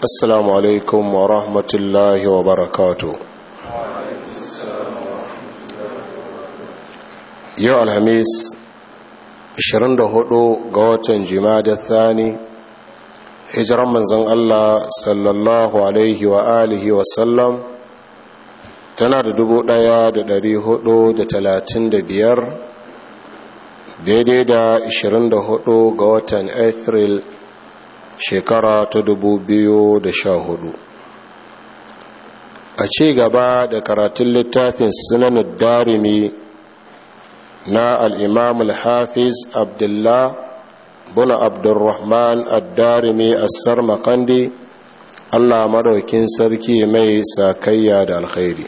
assalamu alaikum wa rahmatullahi wa barakatu yau alhamis 24 ga watan jima'a thani hijiran manzan allah sallallahu alaihi wa alihi wa sallam tana da da biyar daidai da 24 ga watan april shekara ta dubu biyu da sha hudu. a ci gaba da karatun littafin sunanar darimi na al'imam al-hafiz abdullah buna abdurrahman al darimi assar makandi allah maraukin sarki mai sakayya da alkhairi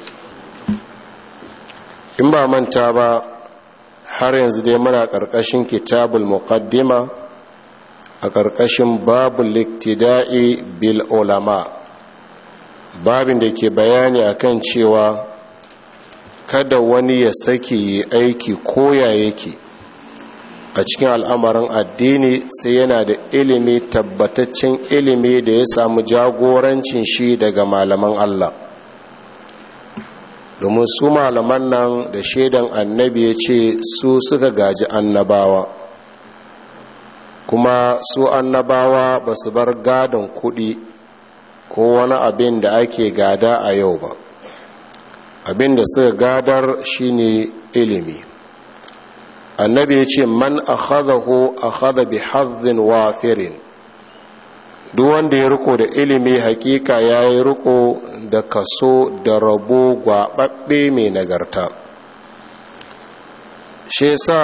in ba manta ba har yanzu dai muna ƙarƙashin kitabul muqaddima a ƙarƙashin babu liktida'i bil ulama babin da ke bayani a kan cewa kada wani ya sake yi aiki koya yake a cikin al'amarin addini sai yana da ilimi tabbataccen ilimi da ya samu jagorancin shi daga malaman Allah domin su malaman nan da shaidan annabi ya ce su suka gaji annabawa kuma su annabawa ba su bar gadon kuɗi ko wani abin da ake gada a yau ba abin da suka gadar shine ilimi annabi ya ce man a a hada bi wa wafirin duk wanda ya riko da ilimi hakika ya yi riko da kaso da rabo gwaɓaɓɓe mai nagarta shi sa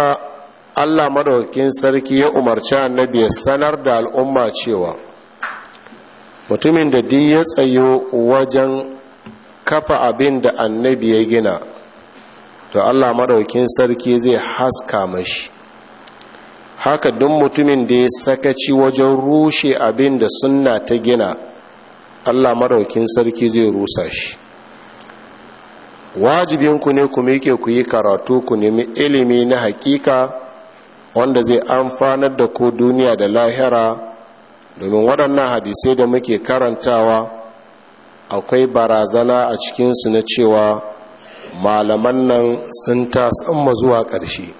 Allah madaukakin sarki ya umarci annabi ya sanar da al'umma cewa mutumin da duk ya tsayo wajen kafa abin da annabi ya gina to Allah madaukakin sarki zai haska mashi haka duk mutumin da ya sakaci wajen rushe abin da sunna ta gina Allah madaukakin sarki zai rusa shi wajibinku ne ku miƙe ku yi karatu ku nemi ilimi na hakika wanda zai amfanar da ko duniya da lahira domin waɗannan hadisai da muke karantawa akwai barazana a cikinsu na cewa malaman nan sun tasamma zuwa ƙarshe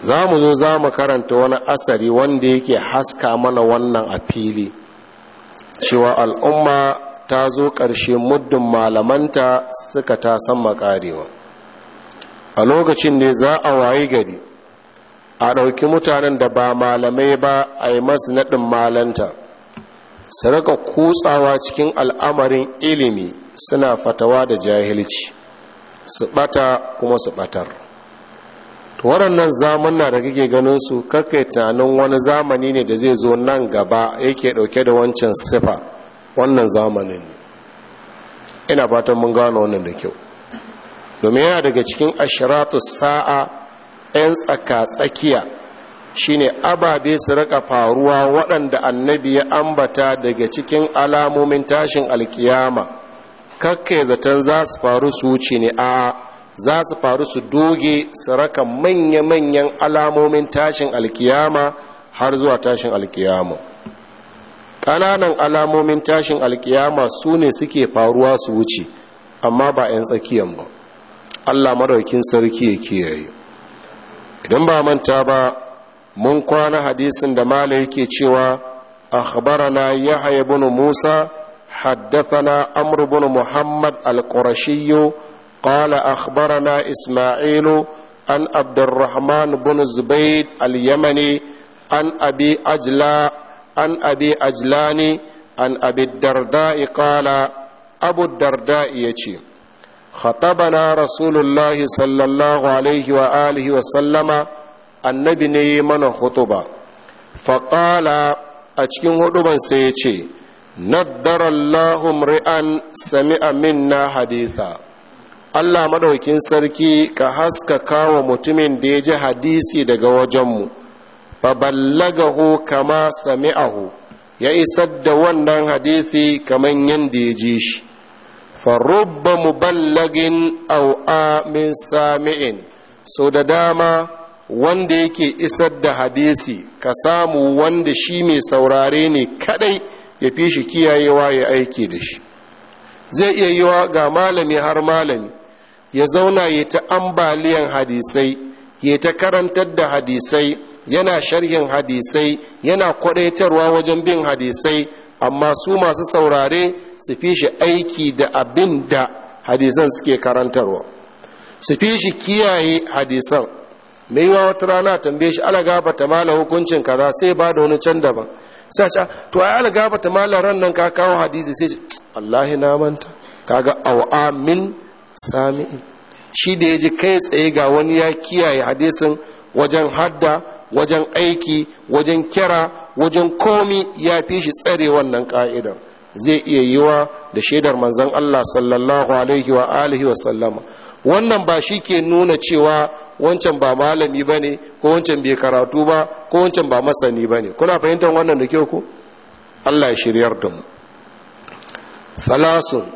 za mu zo za mu karanta wani asari wanda yake haska mana wannan a fili cewa al'umma ta zo ƙarshe muddin malamanta suka tasamma ƙarewa a lokacin ne za a wayi gari a ɗauki mutanen da ba malamai ba a yi masu naɗin malanta su raka kutsawa cikin al'amarin ilimi suna fatawa da jahilci su ɓata kuma su ɓatar waɗannan zamanna da kake ganin su kakai tunanin wani zamani ne da zai zo nan gaba yake ɗauke da wancan sifa wannan zamanin ina fatan mun gano wannan da kyau domin yana daga cikin ashiratu sa'a 'yan tsaka-tsakiya shine ababe su raka faruwa waɗanda annabi ya ambata daga cikin alamomin tashin alkiyama kakkai zaton za su faru su wuce ne a za su faru su doge su raka manya-manyan alamomin tashin alkiyama har zuwa tashin alkiyama ƙananan alamomin tashin alkiyama su ne suke faruwa su wuce amma ba 'yan tsakiyan ba allah maraukin sarki ya kiyaye idan ba manta ba mun kwana hadisin da malai yake cewa akhbarana yahya ibn musa haddathana amr ibn muhammad al-qurashiy qala akhbarana isma'il an abdurrahman ibn zubayd al-yamani an abi ajla an abi ajlani an abi darda qala abu darda yace khatabana rasulullahi sallallahu alaihi wa wa sallama annabi ne mana hutuba faƙala a cikin hudubansa sai ya ce naddarallahu ri'an sami'a minna haditha Allah madaukin sarki ka haska wa mutumin da ya hadisi daga wajenmu fa ballagahu kama sami'ahu ya isar da wannan hadisi kaman yanda ya ji shi farubba muballagin au amin sami'in سو da dama wanda yake isar da hadisi ka samu wanda shi mai saurare ne kadai ya fi shi kiyayewa ya aiki da shi zai iya yiwa ga malami har malami ya zauna ya ta ambaliyan hadisai ya ta karantar da hadisai yana sharhin hadisai yana kwadaitarwa wajen bin hadisai amma su masu saurare su fi shi aiki da abin da hadisan suke karantarwa su fi shi kiyaye hadisan mai wa wata rana tambaye shi ala ta mala hukuncin kaza sai ba da wani can daban sasha ce to ai ala ta mala ran nan ka kawo hadisi sai shi wallahi na manta kaga awamin sami'in shi da ya ji kai tsaye ga wani ya kiyaye hadisin wajen hadda wajen aiki wajen kira wajen komi ya fi shi tsare wannan ka'idar zai iya yi wa da shaidar manzan Allah sallallahu alaihi wa alihi wa sallama wannan ba shi ke nuna cewa wancan ba malami ba ne ko wancan bai karatu ba ko wancan ba masani ba ne kuna fahimtar wannan da kyau ku allah ya shiryar da mu salasun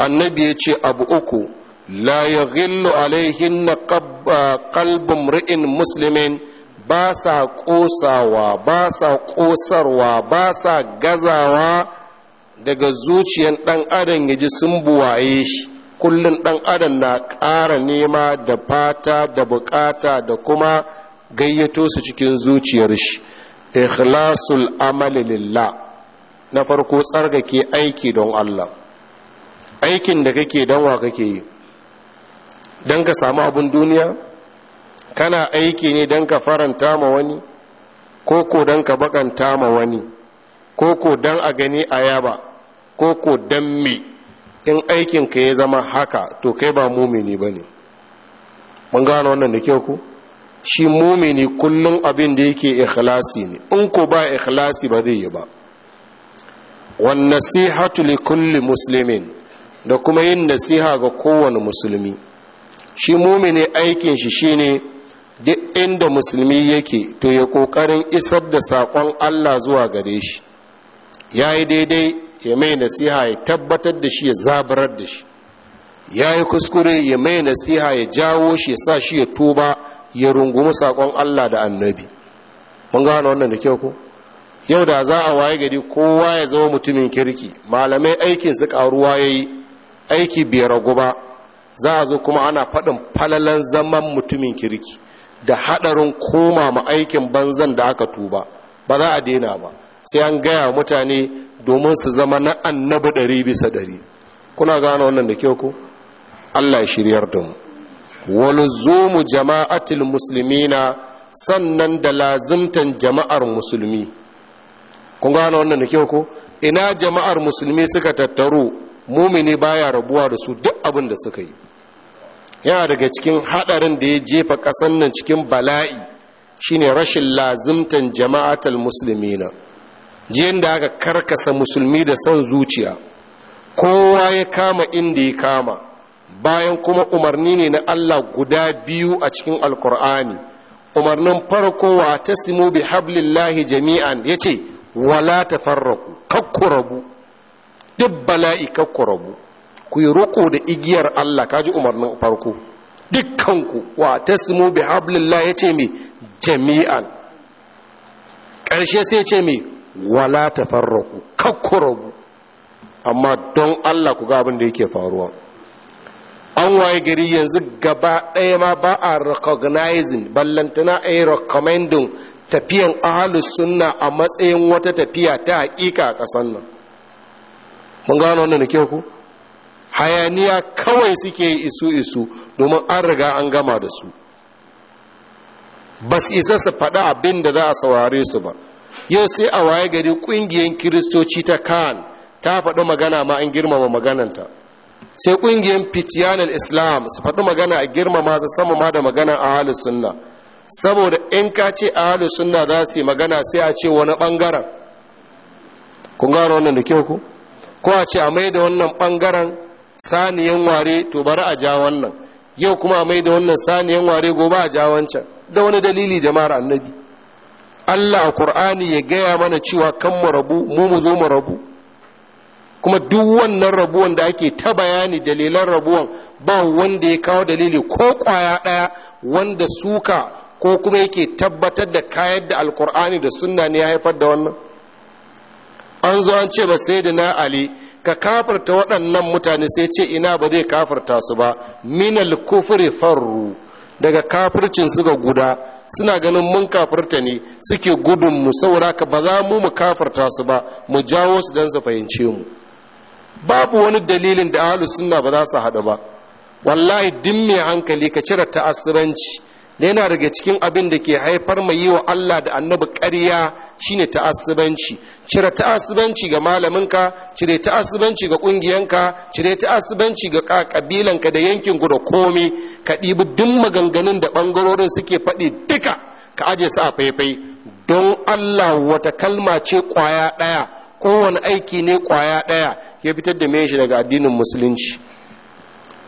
annabi ya ce abu uku la ya ghillu alaihin na kalbin ah, ri'in musulmin ba sa kosawa ba sa kosarwa ba sa gazawa daga zuciyan dan adam ya ji sun buwaye shi kullum dan adam na ƙara nema da fata da bukata da kuma gayyato su cikin zuciyar shi ikhlasul amali lillah na farko tsargake aiki don Allah aikin da kake don wa kake yi don ka samu abin duniya kana aiki ne don ka faranta ma wani ko ko don ka bakanta ma wani ko ko don a gani a yaba ko ko dan in aikin ka ya zama haka to kai ba mumini ne, mun gano wannan da kyau ko shi mumini kullum abin da yake ikhlasi ne in ko ba ikhlasi ba zai yi ba wan nasihatu li kulli muslimin da kuma yin nasiha ga kowane musulmi shi mumini aikin shi shine duk inda musulmi yake to ya kokarin isar da saƙon Allah zuwa gare shi yayi daidai ya mai nasiha ya tabbatar da shi ya zabarar da shi ya yi kuskure ya mai nasiha ya jawo shi ya sa shi ya tuba ya rungumi sakon Allah da annabi mun gano wannan da kyau ko yau da za a waye gari kowa ya zama mutumin kirki malamai aikin su karuwa ya yi aiki bai ragu ba za a zo kuma ana faɗin falalan zaman mutumin kirki da haɗarin koma ma aikin banzan da aka tuba ba za a daina ba sai an gaya mutane domin su zama na annabi ɗari bisa ɗari kuna gane wannan da kyau ko allah ya shiryar da mu mu jama'atul musulmi na sannan da lazimtan jama'ar musulmi kun gane wannan da kyau ko ina jama'ar musulmi suka tattaru mumini baya rabuwa da su duk abin da suka yi yana daga cikin haɗarin da ya jefa kasan nan cikin bala'i shine rashin lazimtan jama'atul musulmi na. jiyan da aka karkasa musulmi da son zuciya kowa ya kama inda ya kama bayan kuma umarni ne na allah guda biyu a cikin alkur'ani umarnin farko wa ta simo bi hablillahi jami'an ya ce wala ta farraku kakku rabu duk bala'i kakku rabu ku yi roƙo da igiyar allah kaji umarnin farko dukkanku wa ta simo bi hablillahi ya ce mai jami'an ƙarshe sai ce mai wala ta tafarraku kakkurabu amma don Allah ku ga abin da yake faruwa an waye gari yanzu gaba ɗaya ma ba a recognizing ballantana a yi recommending tafiyan ahalus sunna a matsayin wata tafiya ta hakika a ƙasan nan mun gano wannan da ku hayaniya kawai suke isu isu domin an riga an gama da su ba su isa su faɗi abin da za a saurare su ba yau sai a waye gari kungiyar kiristoci ta kan ta faɗi magana ma an girmama magananta sai ƙungiyar fitiyanar islam su faɗi magana a girmama su sama ma da magana a halin sunna saboda in ka ce a halin sunna za su yi magana sai a ce wani ɓangaren kun gano wannan da kyau ku ko a ce a mai da wannan ɓangaren saniyan ware to bari a ja wannan yau kuma a mai da wannan saniyan ware gobe a ja wancan da wani dalili jama'ar annabi Allah a Qur'ani ya gaya mana cewa kan mu rabu mu mu zo mu rabu kuma duk wannan rabuwan da ake ta bayani dalilan rabuwan ba wanda ya kawo dalili ko kwaya ɗaya wanda suka ko kuma yake tabbatar da kayan da alkur'ani da sunna ne ya haifar da wannan an zo an ce ba sai da na ali ka kafarta waɗannan mutane sai ce ina ba zai kafarta su ba minal kufri farru daga kafircin suka guda suna ganin mun kafirta ne suke gudun mu saboda ka ba za mu mu kafirta su ba mu jawo su don su fahimce mu babu wani dalilin da ahlus sunna ba za su haɗu ba wallahi din hankali ka cire ta'asiranci yana daga cikin abin da ke haifar mai yi wa Allah da annabi ƙarya shine ta'assubanci cire ta'assubanci ga malaminka cire ta'assubanci ga ƙungiyanka cire ta'assubanci ga ƙabilanka da yankin guda da komi ka ɗibi duk maganganun da ɓangarorin suke faɗi duka ka aje su a faifai don Allah wata kalma ce ƙwaya ɗaya kowane aiki ne ƙwaya ɗaya ya fitar da mai daga addinin musulunci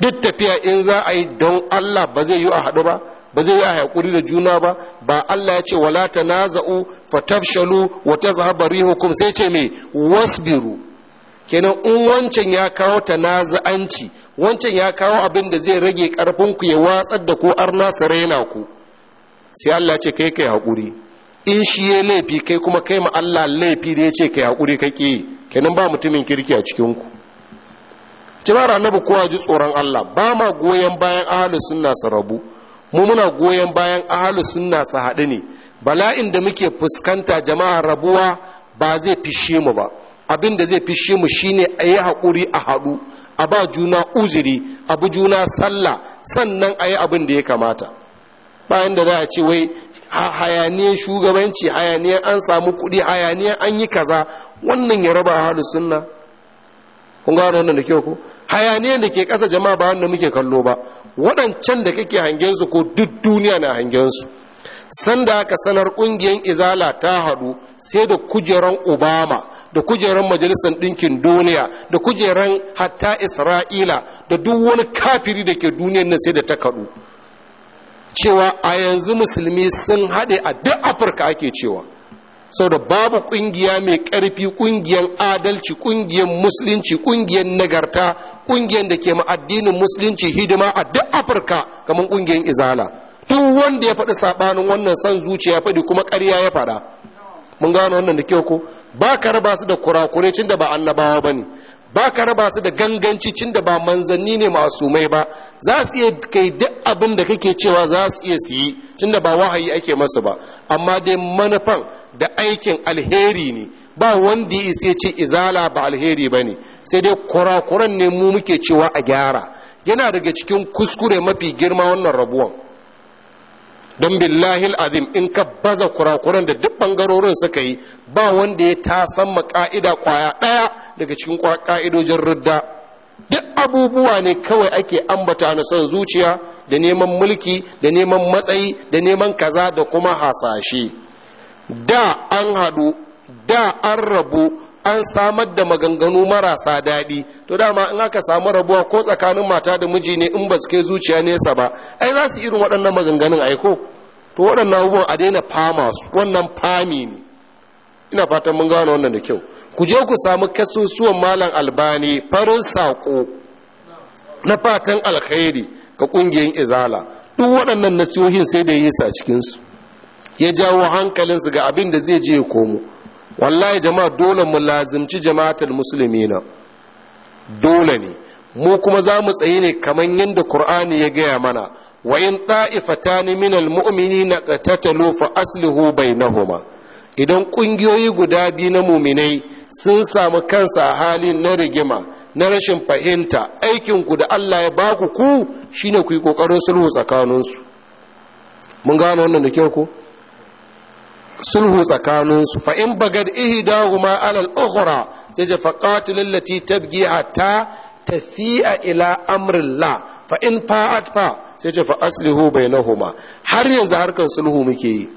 duk tafiya in za a yi don Allah ba zai yi a haɗu ba ba zai yi a hakuri da juna ba ba Allah ya ce wala tanaza'u fatafshalu wa tazhaba rihukum sai ce me wasbiru kenan in wancan ya kawo tanaza'anci wancan ya kawo abin da zai rage karfin ku ya watsar da ku arna sarena ku sai Allah ce kai kai hakuri in shi ya laifi kai kuma kai ma Allah laifi da ya ce kai hakuri kake kenan ba mutumin kirki a cikin ku jama'ar annabi kowa ji tsoron Allah ba ma goyon bayan ahlus sunna su rabu mu muna goyon bayan ahalu sunna su haɗu ne bala'in da muke fuskanta jama'a rabuwa ba zai fishe mu ba abin da zai fishe mu shine a yi haƙuri a haɗu a ba juna uziri a abu juna sallah sannan a yi abin da ya kamata bayan da za a ce wai hayaniyar shugabanci hayaniyar an samu kuɗi hayaniyar an yi kaza wannan ya raba ahalu sunna kun gano wannan da ke ku? hayaniyan da ke ƙasa jama'a ba wanda muke kallo ba waɗancan da kake hangen su ko duk duniya na hangen su sanda aka sanar ƙungiyar izala ta haɗu sai da kujeran obama da kujeran majalisar ɗinkin duniya da kujeran hatta isra'ila da duk wani kafiri da ke duniyar nan sai da ta kaɗu cewa a yanzu musulmi sun haɗe a duk afirka ake cewa saboda babu kungiya mai karfi ƙungiyar adalci ƙungiyar musulunci ƙungiyar nagarta ƙungiyar da ke ma'addinin addinin musulunci hidima a duk afirka kamar ƙungiyar izala duk wanda ya faɗi saɓanin wannan san zuciya faɗi kuma ƙarya ya faɗa mun gano wannan da kyau ko ba ka raba su da kurakure cin da ba annabawa ba ne ba ka raba su da ganganci cin da ba manzanni ne masu mai ba za su iya kai duk abin da kake cewa za su iya su yi tunda ba wahayi ake masa ba amma dai manufan da aikin alheri ne ba wanda ya isa ce izala ba alheri ba ne sai dai kurakuran ne mu muke cewa a gyara yana daga cikin kuskure mafi girma wannan rabuwan don billahi azim in ka baza kurakuran da duk bangarorin suka yi ba wanda ya tasan ma ka'ida kwaya ɗaya daga cikin ka'idojin ridda duk abubuwa ne kawai ake ambata na son zuciya da neman mulki da neman matsayi da neman kaza da kuma hasashe da an haɗu da an rabu an samar da maganganu marasa daɗi to dama in aka samu rabuwa ko tsakanin mata da miji ne in ba su kai zuciya nesa ba ai za su irin waɗannan maganganun aiko to waɗannan abubuwan a daina fama su wannan fami ne ina fatan mun gano wannan da kyau ku je ku samu kasusuwan malam albani farin saƙo na fatan alkhairi ga ƙungiyar izala duk waɗannan nasihohin sai da ya yi sa cikinsu ya jawo hankalinsu ga abin da zai je komo wallahi jama'a dole mu lazimci jama'atul musulmi na dole ne mu kuma za mu tsaye ne kamar yadda Kur'ani ya gaya mana wa in ta'ifatani mu'mini mu'minina qatatalu fa aslihu bainahuma idan ƙungiyoyi guda biyu na muminai sun samu kansa a hali na rigima na rashin fahimta aikinku da Allah ya baku ku shi ne ku yi kokarin sulhu tsakaninsu mun gano wannan da kyau ku? sulhu tsakaninsu fa in bagad ihdahuma ala al-ukhra sai ce faqatil allati tabgi hatta tafi'a ila amrilla. fa in fa'at fa sai ce fa aslihu bainahuma har yanzu harkan sulhu muke yi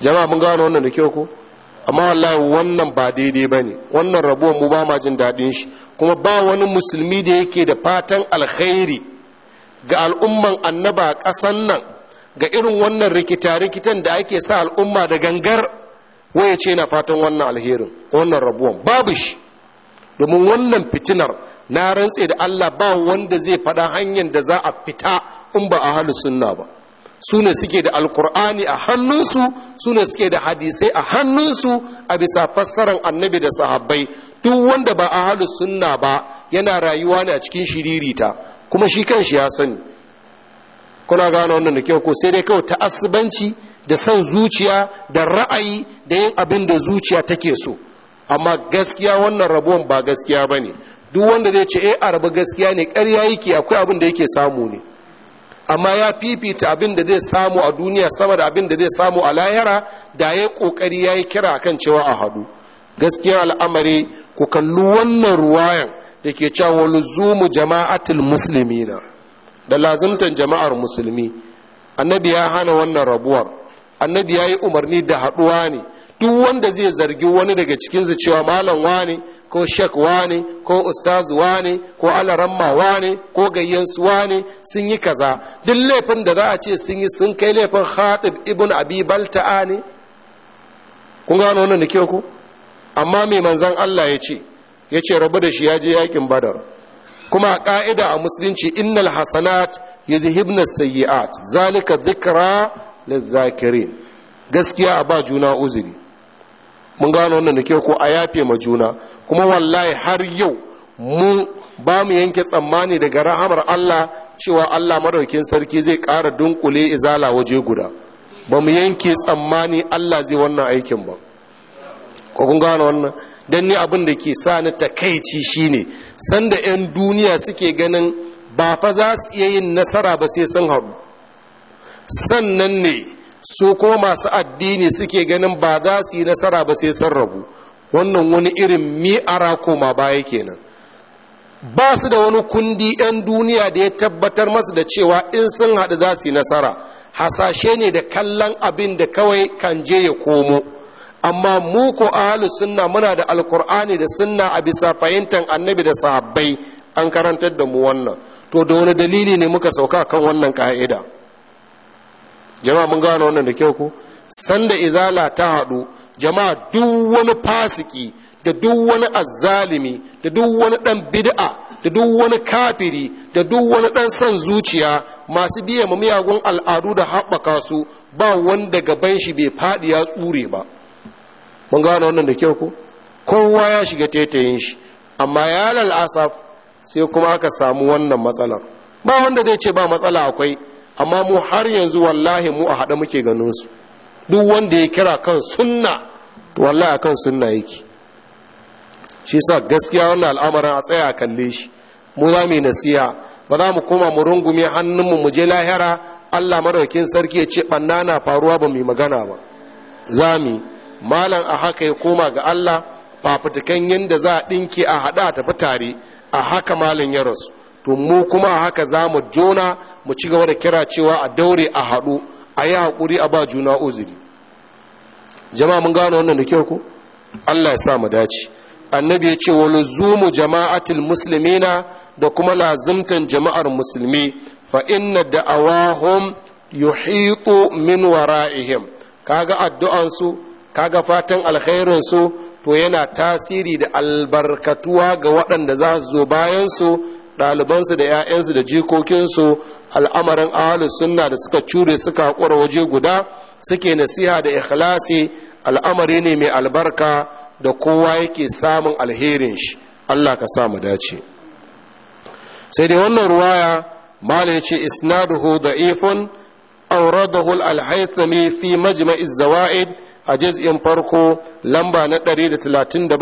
jama'a mun gano wannan da kyau ku? amma wallahi wannan ba daidai ba ne wannan rabuwan mu ba ma jin daɗin shi kuma ba wani musulmi da yake da fatan alkhairi ga al'umman annaba a ƙasan nan ga irin wannan rikita-rikitan da ake sa al'umma da gangar waya ce na fatan wannan alherin wannan rabuwan babu shi domin wannan fitinar na rantse da allah ba wanda zai faɗa hanyar da za a fita in ba a halin sunna ba Suna ne suke da alkur'ani a hannunsu su suke da hadisai a hannunsu a bisa fassarar annabi da sahabbai duk wanda ba a halin sunna ba yana rayuwa ne a cikin shiririta kuma shi kan shi ya sani kuna gano wannan da kyau ko sai dai kawai ta'assubanci da san zuciya da ra'ayi da yin abin da zuciya take so amma gaskiya wannan rabuwan ba gaskiya ba ne duk wanda zai ce eh a rabu gaskiya ne ƙarya yake akwai abin da yake samu ne amma ya fifita abin da zai samu a duniya sama da abin da zai samu a lahira da ya kokari ya yi kira kan cewa a hadu gaskiya al'amari ku kalli wannan ruwayan da ke cewa wani zumu jama'atul musulmi na da lazimtan jama'ar musulmi annabi ya hana wannan rabuwar annabi ya yi umarni da haɗuwa ne duk wanda zai zargi wani daga cikinsu cewa malam wani ne ko shek wane ko ustaz wane ko alaramma wane ko gayyansu wane sun yi kaza duk laifin da za a ce sun yi sun kai laifin khatib ibn abi balta'a ne kun gano wannan da kyau ku amma mai manzan Allah ya ce ya ce rabu da shi ya je yakin badar kuma a ƙa'ida a musulunci innal hasanat yuzhibna sayyi'at zalika dhikra lizzakirin gaskiya a ba juna uzuri mun gano wannan da kyau ko a yafe ma juna kuma wallahi har yau mu ba mu yanke tsammani daga rahamar Allah cewa Allah madaukin sarki zai ƙara dunkule izala waje guda ba mu yanke tsammani Allah zai wannan aikin ba ko kun gano wannan dan ni abin da ke sa ni takaici shine sanda 'yan duniya suke ganin ba fa za su iya yin nasara ba sai sun haɗu sannan ne su ko masu addini suke ganin ba za su yi nasara ba sai sun rabu wannan wani irin mi'ara koma baya kenan ba su da wani kundi 'yan duniya da ya tabbatar masu da cewa in sun haɗu za su yi nasara hasashe ne da kallon abin da kawai kan je ya komo amma mu ko ahalus sunna muna da alkur'ani da sunna a bisa fahimtar annabi da sahabbai an karantar da mu wannan to da wani dalili ne muka sauka kan wannan ka'ida jama'a mun gano wannan da kyau ko sanda izala ta haɗu jama'a duk wani fasiki da duk wani azzalimi da duk wani ɗan bid'a da duk wani kafiri da duk wani ɗan san zuciya masu biye mu miyagun al'adu da haɓaka su ba wanda gaban shi bai faɗi ya tsure ba mun gano wannan da kyau ko kowa ya shiga tetayin shi amma ya asaf, sai kuma aka samu wannan matsalar ba wanda zai ce ba matsala akwai amma mu har yanzu wallahi mu a haɗa muke ganin su duk wanda ya kira kan sunna to wallahi akan sunna yake shi sa gaskiya wannan al'amarin a tsaya a kalle shi mu za mu nasiya ba za mu koma mu rungume hannunmu mu je lahira Allah madaukin sarki ya ce banna na faruwa ba mu magana ba za mu malam a haka ya koma ga Allah fafutukan yadda za a ɗinke a haɗa tafi tare a haka malam ya rasu to mu kuma haka za mu jona mu ci gaba da kira cewa a daure a haɗu a yi haƙuri a ba juna uzuri jama'a mun gano wannan da kyau ku? allah ya sa mu dace annabi ya ce wa luzumu jama'atul muslimina da kuma lazimtan jama'ar musulmi fa inna da'awahum yuhitu min wara'ihim kaga addu'an su kaga fatan alkhairin su to yana tasiri da albarkatuwa ga waɗanda za su zo bayan su ɗalibansu da 'ya'yansu da jikokinsu al'amarin ahalus sunna da suka cure suka haƙura waje guda suke nasiha da ikhlasi al'amari ne mai albarka da kowa yake samun alherin shi allah ka samu dace sai dai wannan ruwaya mala ya ce isnaduhu ifun auradahu alhaithami fi majma'iz zawaid a jiz'in farko lamba na 137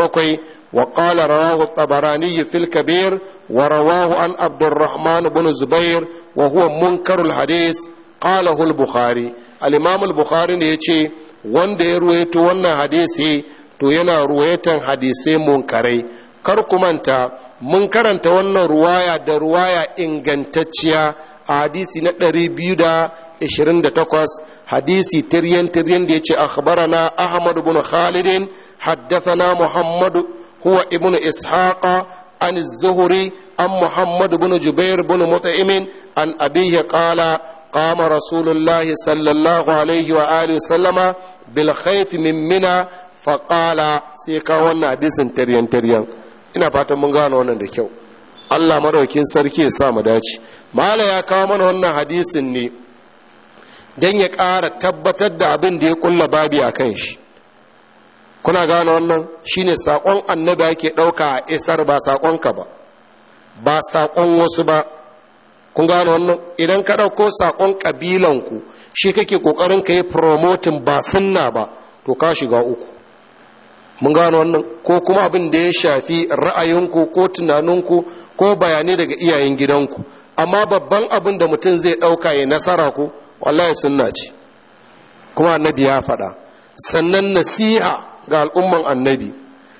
وقال رواه الطبراني في الكبير ورواه عن عبد الرحمن بن زبير وهو منكر الحديث قاله البخاري الإمام البخاري نيتي wanda ya ruwaito wannan hadisi to yana ruwaitan hadisai munkarai kar ku manta mun karanta wannan ruwaya da ruwaya ingantacciya a hadisi na 228 hadisi tiryan tiryan da ya ce na Ahmadu bin khalidin na muhammadu huwa ibnu ishaqa an zuhuri an muhammad ibn jubair ibn mutaimin an abihi qala qama rasulullahi sallallahu alaihi wa alihi sallama bil khayf sai ka wannan hadisin taryan taryan ina fatan mun gane wannan da kyau Allah madaukin sarki ya sa mu dace mala ya kawo mana wannan hadisin ne don ya ƙara tabbatar da abin da ya ƙulla babi a kan shi kuna gane wannan shine sakon annabi yake ɗauka a isar ba sakon ka ba ba sakon wasu ba kun gane wannan idan ka dauko sakon kabilan ku shi kake kokarin ka yi promoting ba sunna ba to ka shiga uku mun gane wannan ko kuma abin da ya shafi ra'ayinku ko tunaninku ko bayanai daga iyayen gidanku amma babban abin da mutum zai ɗauka ya nasara ku wallahi sunna ce kuma annabi ya faɗa sannan nasiha ga al'umman annabi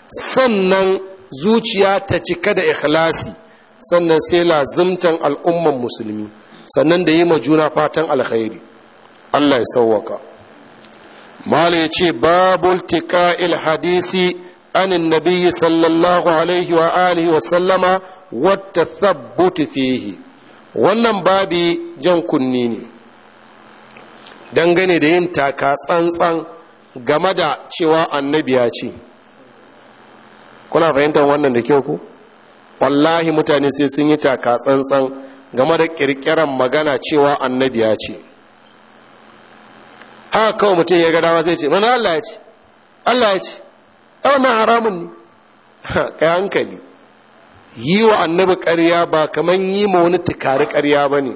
sannan zuciya ta cika da ikhlasi sannan sai lazimtan al'umman musulmi sannan da yi juna fatan alkhairi Allah ya sauwaka mala ya ce babul tiƙa'il hadisi anin nabiyyi sallallahu alaihi wa alihi wa sallama wata thabbuti fihi wannan babi jan kunni ne dangane da yin taka tsantsan game da cewa annabi ya ce kuna fahimtar wannan da kyau ku wallahi mutane sai sun yi taka tsantsan game da kirkiran magana cewa annabi ya ce haka kawai mutum ya gadawa sai ce mana Allah ya ce Allah ya ce wannan haramun ne kai hankali yi wa annabi karya ba kamar yi ma wani tukari ƙarya ba ne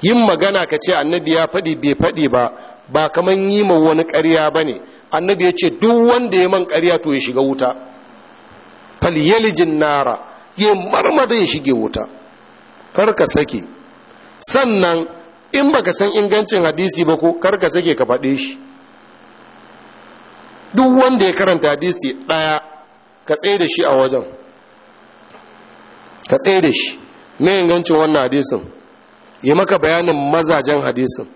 yin magana ka ce annabi ya faɗi bai faɗi ba ba kamar yi ma wani ƙarya ba ne annabi ya ce duk wanda ya man ƙarya to ya shiga wuta falyalijin nara ya marmada ya shige wuta kar sake sannan in baka san ingancin hadisi ba ko kar sake ka faɗe shi duk wanda ya karanta hadisi ɗaya ka tsaye da shi a wajen ka tsaye da shi me ingancin wannan hadisin yi maka bayanin mazajen hadisin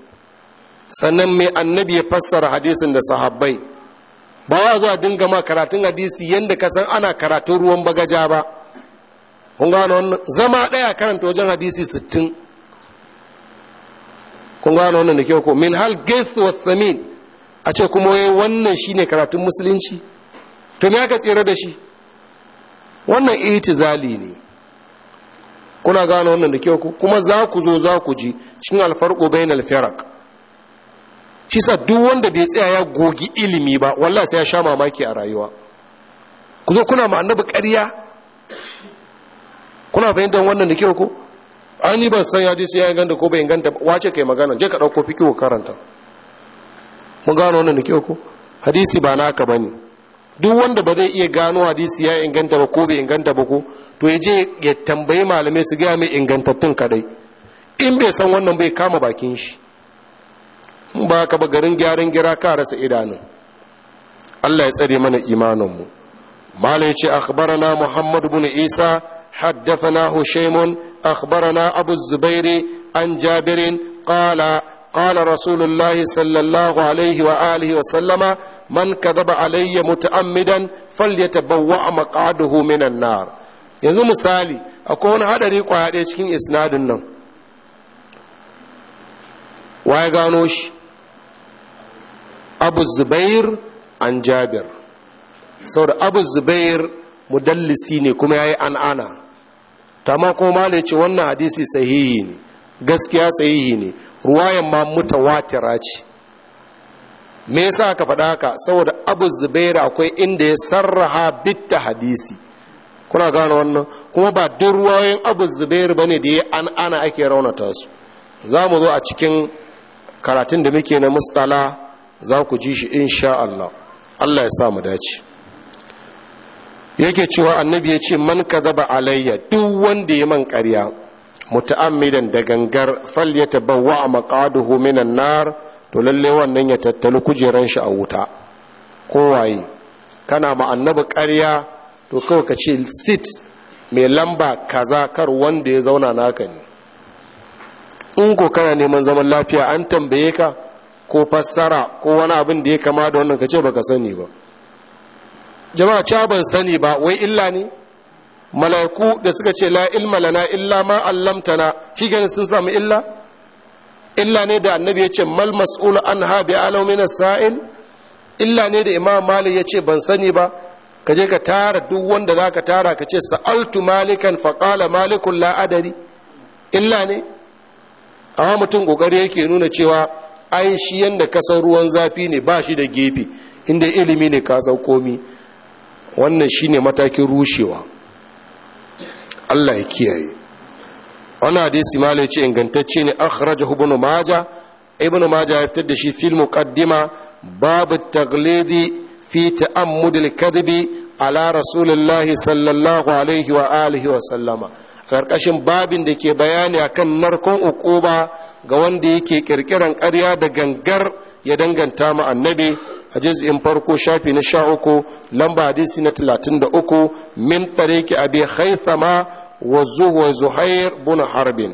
sannan mai annabi ya fassara hadisin da sahabbai ba ya zuwa dinga ma karatun hadisi yadda ka san ana karatun ruwan bagaja ba kun gano wannan zama ɗaya karanta wajen hadisi sittin kun gano wannan da kyau ko min hal gaith wa thamin a ce kuma wai wannan shine karatun musulunci to me aka tsira da shi wannan itizali ne kuna gano wannan da kyau kuma za ku zo za ku ji cikin alfarqu bainal firaq shi sa duk wanda bai tsaya ya gogi ilimi ba wallah sai ya sha mamaki a rayuwa ku zo kuna ma annabi ƙarya kuna fahimtar wannan da kyau ko an yi ban san ya sai ya ganta ko bai ganta wace kai magana je ka ɗauko fi kyau karanta mun gano wannan da kyau ko hadisi ba naka bane duk wanda ba zai iya gano hadisi ya inganta ba ko bai inganta ba ko to ya je ya tambayi malamai su gaya mai ingantattun kadai in bai san wannan bai kama bakin shi mu ba ka ba garin gyaran gira ka rasa idanun Allah ya tsare mana imaninmu malai ce akhbarana Muhammadu bin isa haddathana hushaimun akhbarana abu zubairi an jabirin qala qala rasulullah sallallahu alaihi wa alihi wa sallama man kadaba alayya mutaammidan falyatabawwa maqaduhu minan nar yanzu misali akwai wani haɗari kwaya cikin isnadin nan waye gano shi abu zubair an jabir saboda abu zubair mudallisi ne kuma ya yi an'ana ma kuma malai ce wannan hadisi sahihi ne gaskiya sahihi ne ruwayan ma mutawatira ce me yasa aka faɗa haka saboda abu zubair akwai inda ya sarraha bitta hadisi kuna gane wannan kuma ba duk ruwayoyin abu zubair ne da ya an ana ake raunata su za mu zo a cikin karatun da muke na mustala za ku ji shi sha Allah Allah ya sa mu dace yake cewa annabi ya ce man zaba alayya duk wanda ya man ƙarya muta'ammidan da gangar fal ya a maqaduhu minan nar to lalle wannan ya tattali kujeran shi a wuta kowaye kana ma annabi ƙarya to kawai ka ce sit mai lamba kaza kar wanda ya zauna naka ne in ko kana neman zaman lafiya an tambaye ka ko fassara ko wani abin da ya kama da wannan ka baka sani ba jama'a cewa ban sani ba wai illa ne mala'iku da suka ce la ilma lana illa ma allamtana shi gani sun samu illa illa ne da annabi ya ce mal mas'ul an ha bi as sa'il illa ne da imam malik ya ce ban sani ba ka je ka tara duk wanda zaka tara ka ce sa'altu malikan fa qala malikun la adari illa ne amma mutum kokari yake nuna cewa ai shi yanda kasar ruwan zafi ne ba shi da gefe inda ilimi ne ka san komi wannan ne matakin rushewa Allah ya kiyaye wannan hadisi malai ce ingantacce ne akhrajahu hubunu maja ibn maja ya fitar da shi fil muqaddima babu taglidi fi ta'ammud al-kadhibi ala rasulillahi sallallahu alaihi wa alihi wa sallama karkashin babin da ke bayani akan narkon ba ga wanda yake kirkiran ƙarya da gangar ya danganta ma annabi a juz'in farko shafi na sha uku lamba hadisi na talatin da uku min tariki abi haithama wa zuwa zuhair bin harbin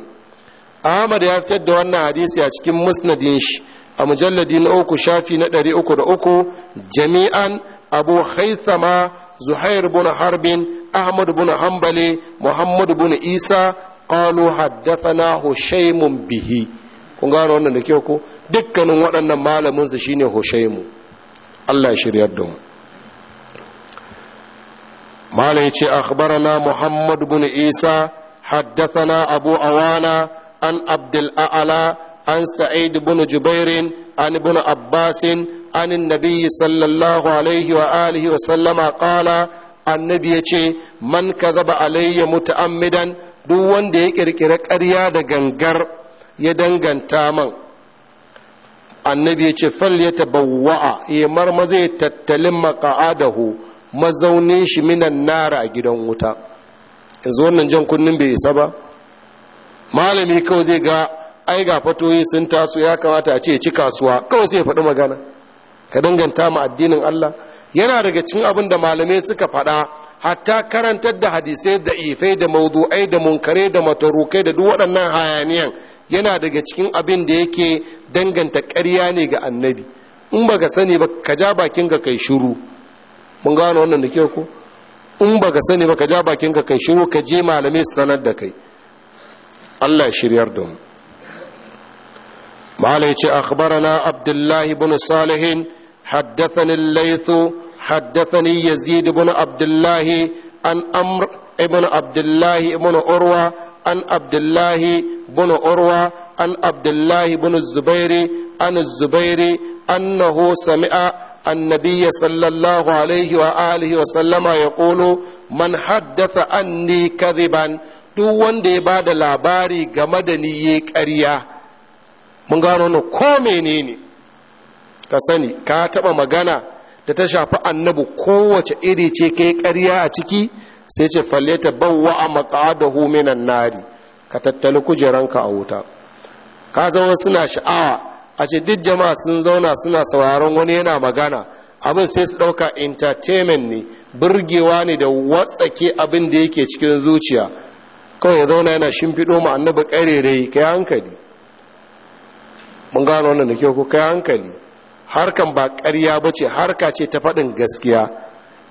ahmad ya fitar da wannan hadisi a cikin musnadin shi a mujalladi na uku shafi na ɗari uku da uku jami'an abu haithama zuhair bin harbin ahmad bin hanbali muhammad bin isa qalu haddathana hushaymun bihi kun gano wannan da kyau ko dukkanin waɗannan malamin su shine hushaymu Allah ya shiryar da mu mala yace akhbarana muhammad bin isa haddathana abu awana an abdul a'la an sa'id bin jubairin an ibn abbas عن النبي صلى الله عليه وآله وسلم قال annabi ya ce man ka zaba alayya Amidan duk wanda ya kirkira karya da gangar ya danganta man annabi ya ce fal ya tabawwa'a ya marmaza ya tattalin maka'adahu mazaunin shi minan nara a gidan wuta yanzu wannan jan kunnin bai isa ba malami kawai zai ga ai ga fatoyi sun taso ya kamata a ce ci kasuwa kawai sai ya faɗi magana ka danganta ma addinin Allah yana daga cikin abin da malamai suka faɗa hatta karantar da hadisai da ifai da maudu'ai da munkare da matarukai da duk waɗannan hayaniyan yana daga cikin abin da yake danganta ƙarya ne ga annabi in ba ka sani ba ka ja bakin ka kai shiru mun gano wannan da ke ko in ba ka sani ba ka ja bakin ka kai shiru ka je malamai sanar da kai Allah shiryar da mu malai ce akhbarana abdullahi bin salihin حدثني الليث حدثني يزيد بن عبد الله عن أمر ابن عبد الله ابن أروى عن عبد الله بن أروى عن عبد الله بن الزبير عن الزبير أنه سمع النبي صلى الله عليه وآله وسلم يقول من حدث أني كذبا duk wanda ya bada labari game da ni ya ƙarya mun gano ko menene ka sani ka taɓa magana da ta shafi annabu kowace iri ce kai ƙarya a ciki sai ce falleta bawa a maƙadahu minan nari ka tattali kujeranka a wuta ka zama suna sha'awa a ce duk jama'a sun zauna suna sauraron wani yana magana abin sai su ɗauka entertainment ne burgewa ne da watsake abin da yake cikin zuciya kawai ya zauna yana shimfiɗo ma annabi ƙarerai kai hankali mun gano wannan da kyau ko kai hankali harkan ba ƙarya ba ce harka ce ta faɗin gaskiya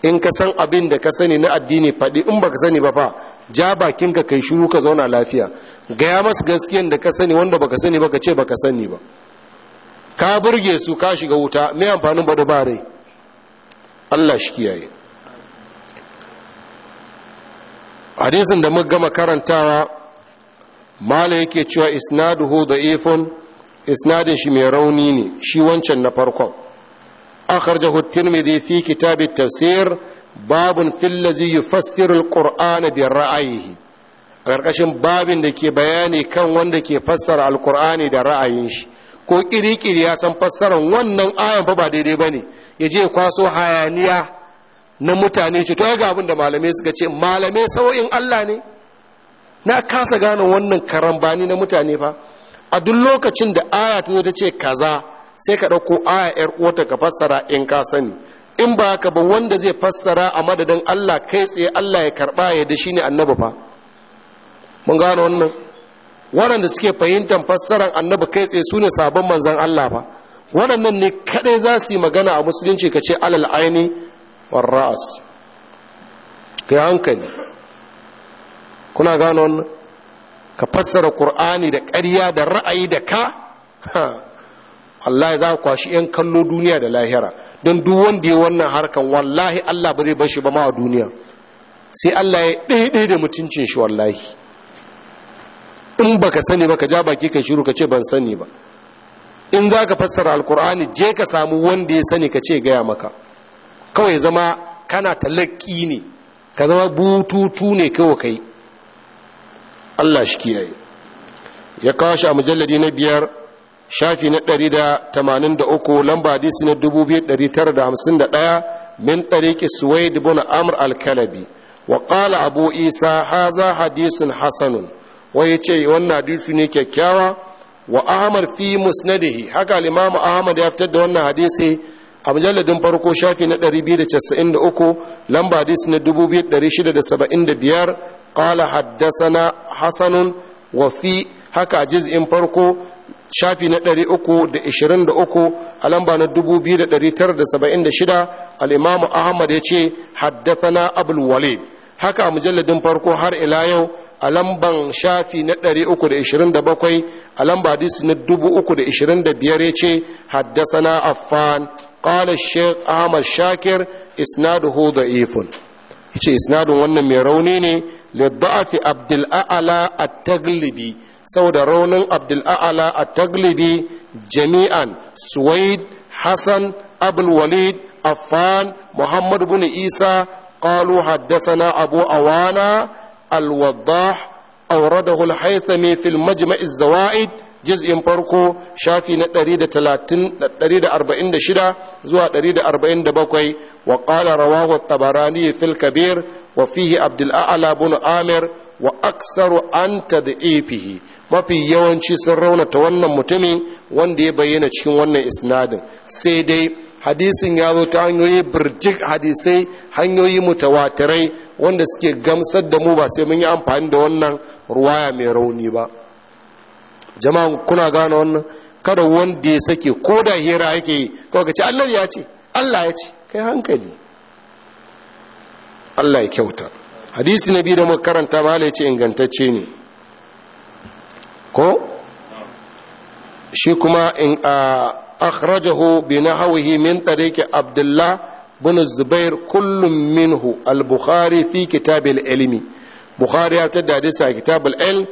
in ka san abin da ka sani na addini faɗi in ba ka sani ba fa ja bakin ka kai shiru ka zauna lafiya gaya masu gaskiyan da ka sani wanda ba ka sani ba ka ce ba ka sani ba ka burge su ka shiga wuta mai amfanin bada ba rai Allah shi kiyaye hadisin da muka gama karantawa mala yake cewa isnaduhu da ifon isnadin shi mai rauni ne shi wancan na farkon akhrajahu tirmidhi fi kitab at-tafsir babun fil ladhi yufassiru al-qur'ana bi ra'ayihi ƙarƙashin babin da ke bayani kan wanda ke fassara alkur'ani da ra'ayin shi ko kirikiri ya san fassarar wannan ayan fa ba daidai bane ya je kwaso hayaniya na mutane ce to ga abin da malamai suka ce malamai sau'in Allah ne na kasa gane wannan karambani na mutane fa a duk lokacin da aya ta zo ta ce kaza sai ka ɗauko aya yar uwata ka fassara in ka sani in ba ka ba wanda zai fassara a madadin Allah kai tsaye Allah ya karɓa ya da shine annabi fa mun gano wannan waɗanda suke fahimtar fassarar annabi kai tsaye su ne sabon manzan Allah ba waɗannan ne kadai za su yi magana a musulunci ka ce alal aini war ra'as hankali kuna gano wannan ka fassara Kur'ani da ƙarya da ra'ayi da ka wallahi za ka kwashi yan kallo duniya da lahira don duk wanda ya wannan harkan wallahi Allah ba zai bashi ba ma a duniya sai Allah ya ɗaya da mutuncin shi wallahi in ba ka sani ba ka ja baki ka shiru ka ce ban sani ba in za ka fassara alkur'ani je ka samu wanda ya sani ka ce gaya maka kawai zama kana talakki ne ka zama bututu ne kawai kai Allah shi kiyaye ya kawo shi a mujalladi na biyar shafi na ɗari da tamanin da uku lamba hadisi na dubu biyu ɗari tara da hamsin da ɗaya min ki suwaid bin amr al-kalabi wa ƙala abu isa haza hadisun hasanun Wa ya ce wannan hadisi ne kyakkyawa wa ahmad fi musnadihi haka limamu ahmad ya fitar da wannan hadisi a mujalladin farko shafi na 293 lamba dis na 2675 qala haddathana hasanun wafi haka jiz'in farko shafi na 323 a lamba na 2976 al'imamu imam ahmad ya ce haddasa na Abulwale haka a mujalladin farko har ila yau a lamban shafi na 327 a lamba dis na 325 ya ce haddasa na affan qala shaykh ahmad shakir isnaduhu da'ifun yace isnadun wannan mai rauni ne li da'fi abdul a'la at-taglibi saboda raunin abdul a'la at-taglibi jami'an suwaid hassan abul walid affan muhammad ibn isa haddasa na abu awana al-waddah awradahu al-haythami fi al-majma' zawaid juz'in farko shafi na 146 zuwa 147 wa qala rawahu tabarani fil kabir wa fihi abdul a'la bin amir wa aksaru an tad'ifihi mafi yawanci sun raunata wannan mutumin wanda ya bayyana cikin wannan isnadin sai dai hadisin ya zo ta hanyoyi birjik hadisai hanyoyi mutawatirai wanda suke gamsar da mu ba sai mun yi amfani da wannan ruwaya mai rauni ba jama'a kuna gane wannan kada wanda ya sake ko da hira yake yi kawai ce Allah ya ce Allah ya ce kai hankali Allah ya kyauta hadisi na biyu da muka karanta ma ce ingantacce ne ko shi kuma in a akhrajahu bi nahwihi min tariqi abdullah bin zubair kullum minhu al-bukhari fi kitab al-ilmi bukhari ya tada hadisi a kitab al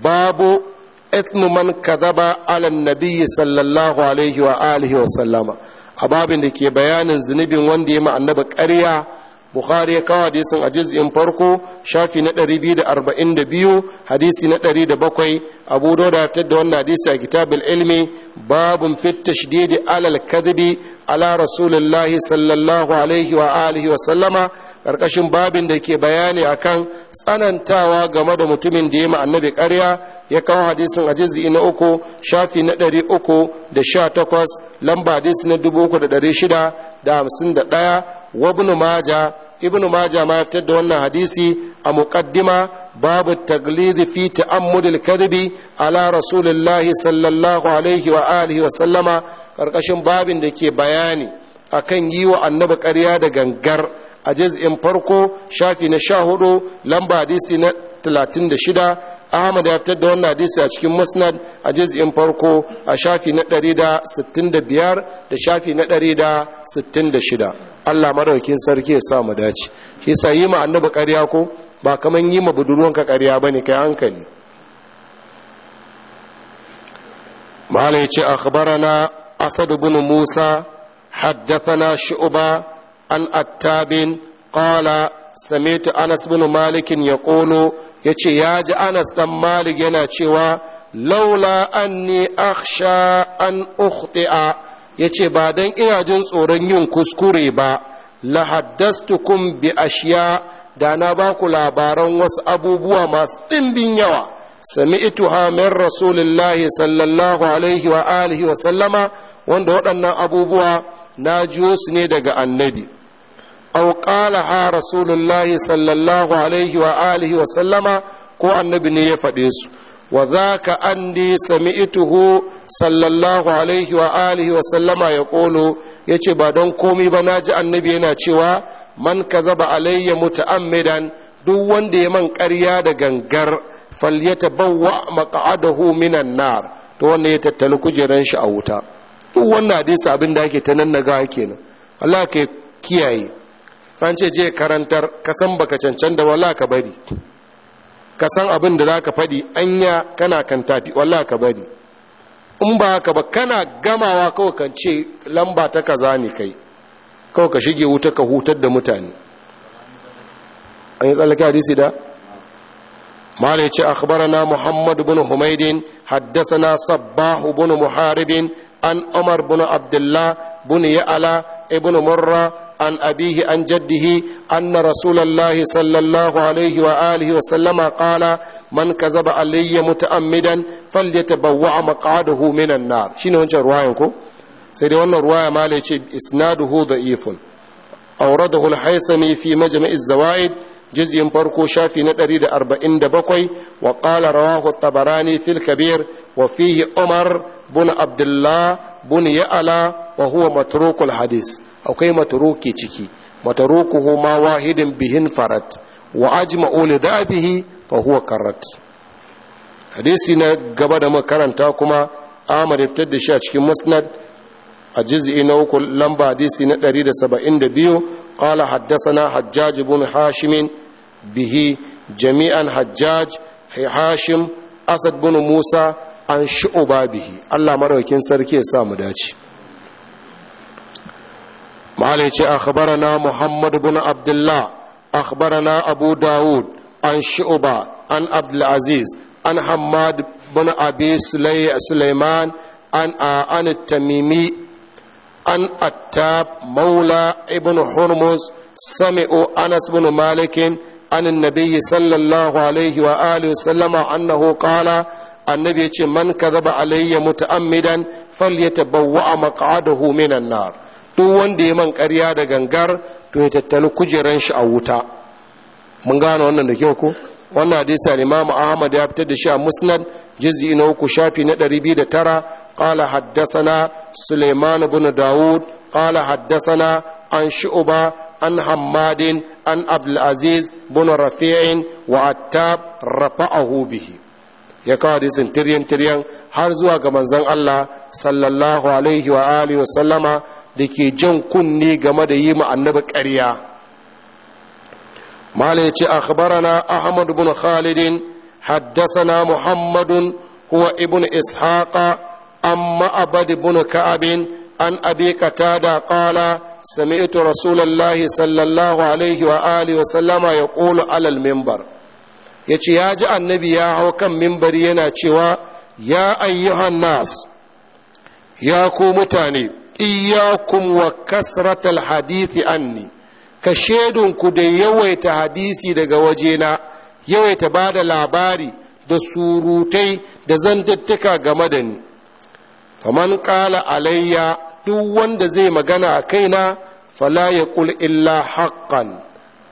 babu ithmu man kadaba ala nabiyyi sallallahu alaihi wa alihi wa sallama a babin da ke bayanin zunubin wanda ya annabi ƙarya bukhari ya kawo hadisin a juz'in farko shafi na 242 hadisi na 107 abu dauda fitar da wannan hadisi a kitabul ilmi babun fit tashdidi alal kadhibi ala rasulillahi sallallahu alaihi wa alihi wa sallama ƙarƙashin babin da ke bayani a kan tsanantawa game da mutumin da ya ma annabi ƙarya ya kawo hadisin a jizi na uku shafi na ɗari uku da sha takwas lamba hadisi na dubu uku da ɗari shida da hamsin da ɗaya wabnu maja ibnu maja ma fitar da wannan hadisi a muƙaddima babu taglidi fi ta'ammudil kadhibi ala rasulillahi sallallahu alaihi wa alihi wa sallama ƙarƙashin babin da ke bayani akan yi wa annabi ƙarya da gangar a jaz'in farko shafi na sha hudu lamba hadisi na talatin da shida ahmad ya fitar da wannan hadisi a cikin musnad a jaz'in farko a shafi na ɗari da sittin da biyar da shafi na ɗari da sittin da shida allah maraukin sarki ya sa mu dace shi sa yi ma annabi ƙarya ko ba kamar yi ma budurwanka ƙarya ba ne kai hankali mahala ya ce asad bin musa an attabin qala samitu anas bin malikin ya ƙolo ya ce ya ji anas dan malik yana cewa laula anni akhsha an ukhti'a ya ce ba don ina jin tsoron yin kuskure ba la haddastukum bi ashiya da na ba ku labaran wasu abubuwa masu ɗimbin yawa sami'tuha min rasulillahi sallallahu alaihi wa alihi wa sallama wanda waɗannan abubuwa na jiwo su ne daga annabi aw qalaha rasulullahi sallallahu alaihi wa alihi wa sallama ko annabi ne ya faɗe su wa andi anni sami'tuhu sallallahu alaihi wa alihi wa sallama ya kolo yace ba don komai ba naji annabi yana cewa man kazaba alayya muta'ammidan duk wanda ya man ƙarya da gangar falyatabawwa maq'adahu minan nar to wanda ya tattali kujeran shi a wuta duk wannan hadisi abin da ake ta nan naga kenan Allah kai kiyaye an ce je karantar ka san cancan da wala ka bari kasan abin da zaka ka faɗi anya kana kan tafi wala ka bari in ba haka ba kana gamawa kawai kan ce lamba ta kaza ne kai kawai ka shige wuta ka hutar da mutane an yi tsallake hadisi da mala ya ce akhbarana muhammad ibn humaidin haddasana sabbahu bin muharibin an umar bin abdullah bin ya'ala ibn murra an abihi an jaddihi anna rasulullahi sallallahu alaihi wa alihi wa sallama qala man kazaba alayya muta'ammidan falyatabawwa maq'adahu minan nar shine wancan ruwayan ko sai dai wannan ruwaya ma ce isnaduhu da'ifun awradahu al-haythami fi majma' az-zawaid juz'in farko shafi na ɗari da 147 wa qala rawahu tabarani fil kabir wa fihi umar bin abdullah bin ya'la wa huwa matrukul hadis akwai matruki ciki matrukuhu ma wahidin bihin farat wa ajma'u li dhabihi fa huwa karrat hadisi na gaba da makaranta kuma Ahmad ya fitar da shi a cikin Musnad a juz'i na uku lamba hadisi na 172 haddasa na hajjaj ibn hashim bihi jami'an hajjaj hashim asad bin musa an shu'uba bihi Allah maraukin sarki ya sa mu dace malai ce akhbarana muhammad ibn abdullah akhbarana abu dawud an shu'uba an Abdullaziz, an hammad ibn abi sulaiman an an tamimi an attab maula ibn Hurmus, sami'u anas bin malikin an annabi sallallahu alaihi wa alihi sallama annahu qala annabi yace man kadhaba alayya muta'ammidan falyatabawwa maq'adahu minan nar duk wanda ya man ƙarya da gangar to ya tattali kujeran shi a wuta mun gane wannan da kyau ko wannan hadisa ne imam Ahmad ya fitar da shi a Musnad jizi na uku shafi na ɗari 209 qala na Suleiman ibn Dawud qala na an Shu'ba an Hammadin an ablaziz bin Rafi'in wa Attab rafa'ahu bihi ya kawo hadisin tiryan tiryan har zuwa ga manzon Allah sallallahu alaihi wa alihi wa sallama dake jan kunne game da yi mu annabi ƙarya mala ya ce akhbarana ahmad bin khalidin haddasana Muhammadu, huwa ibn ishaqa amma abad bin ka'abin an abi qatada qala sami'tu rasulullahi sallallahu alaihi wa alihi wa sallama yaqulu alal minbar yace ya ji annabi ya hau kan minbari yana cewa ya ayyuhan nas ya ku mutane iyyakum wa kasratal hadithi anni ka shedunku da yawaita hadisi daga wajena yawaita ba da labari da surutai da zantattuka game da ni faman ƙala alayya duk wanda zai magana a kaina fala ya ƙul illa haƙƙan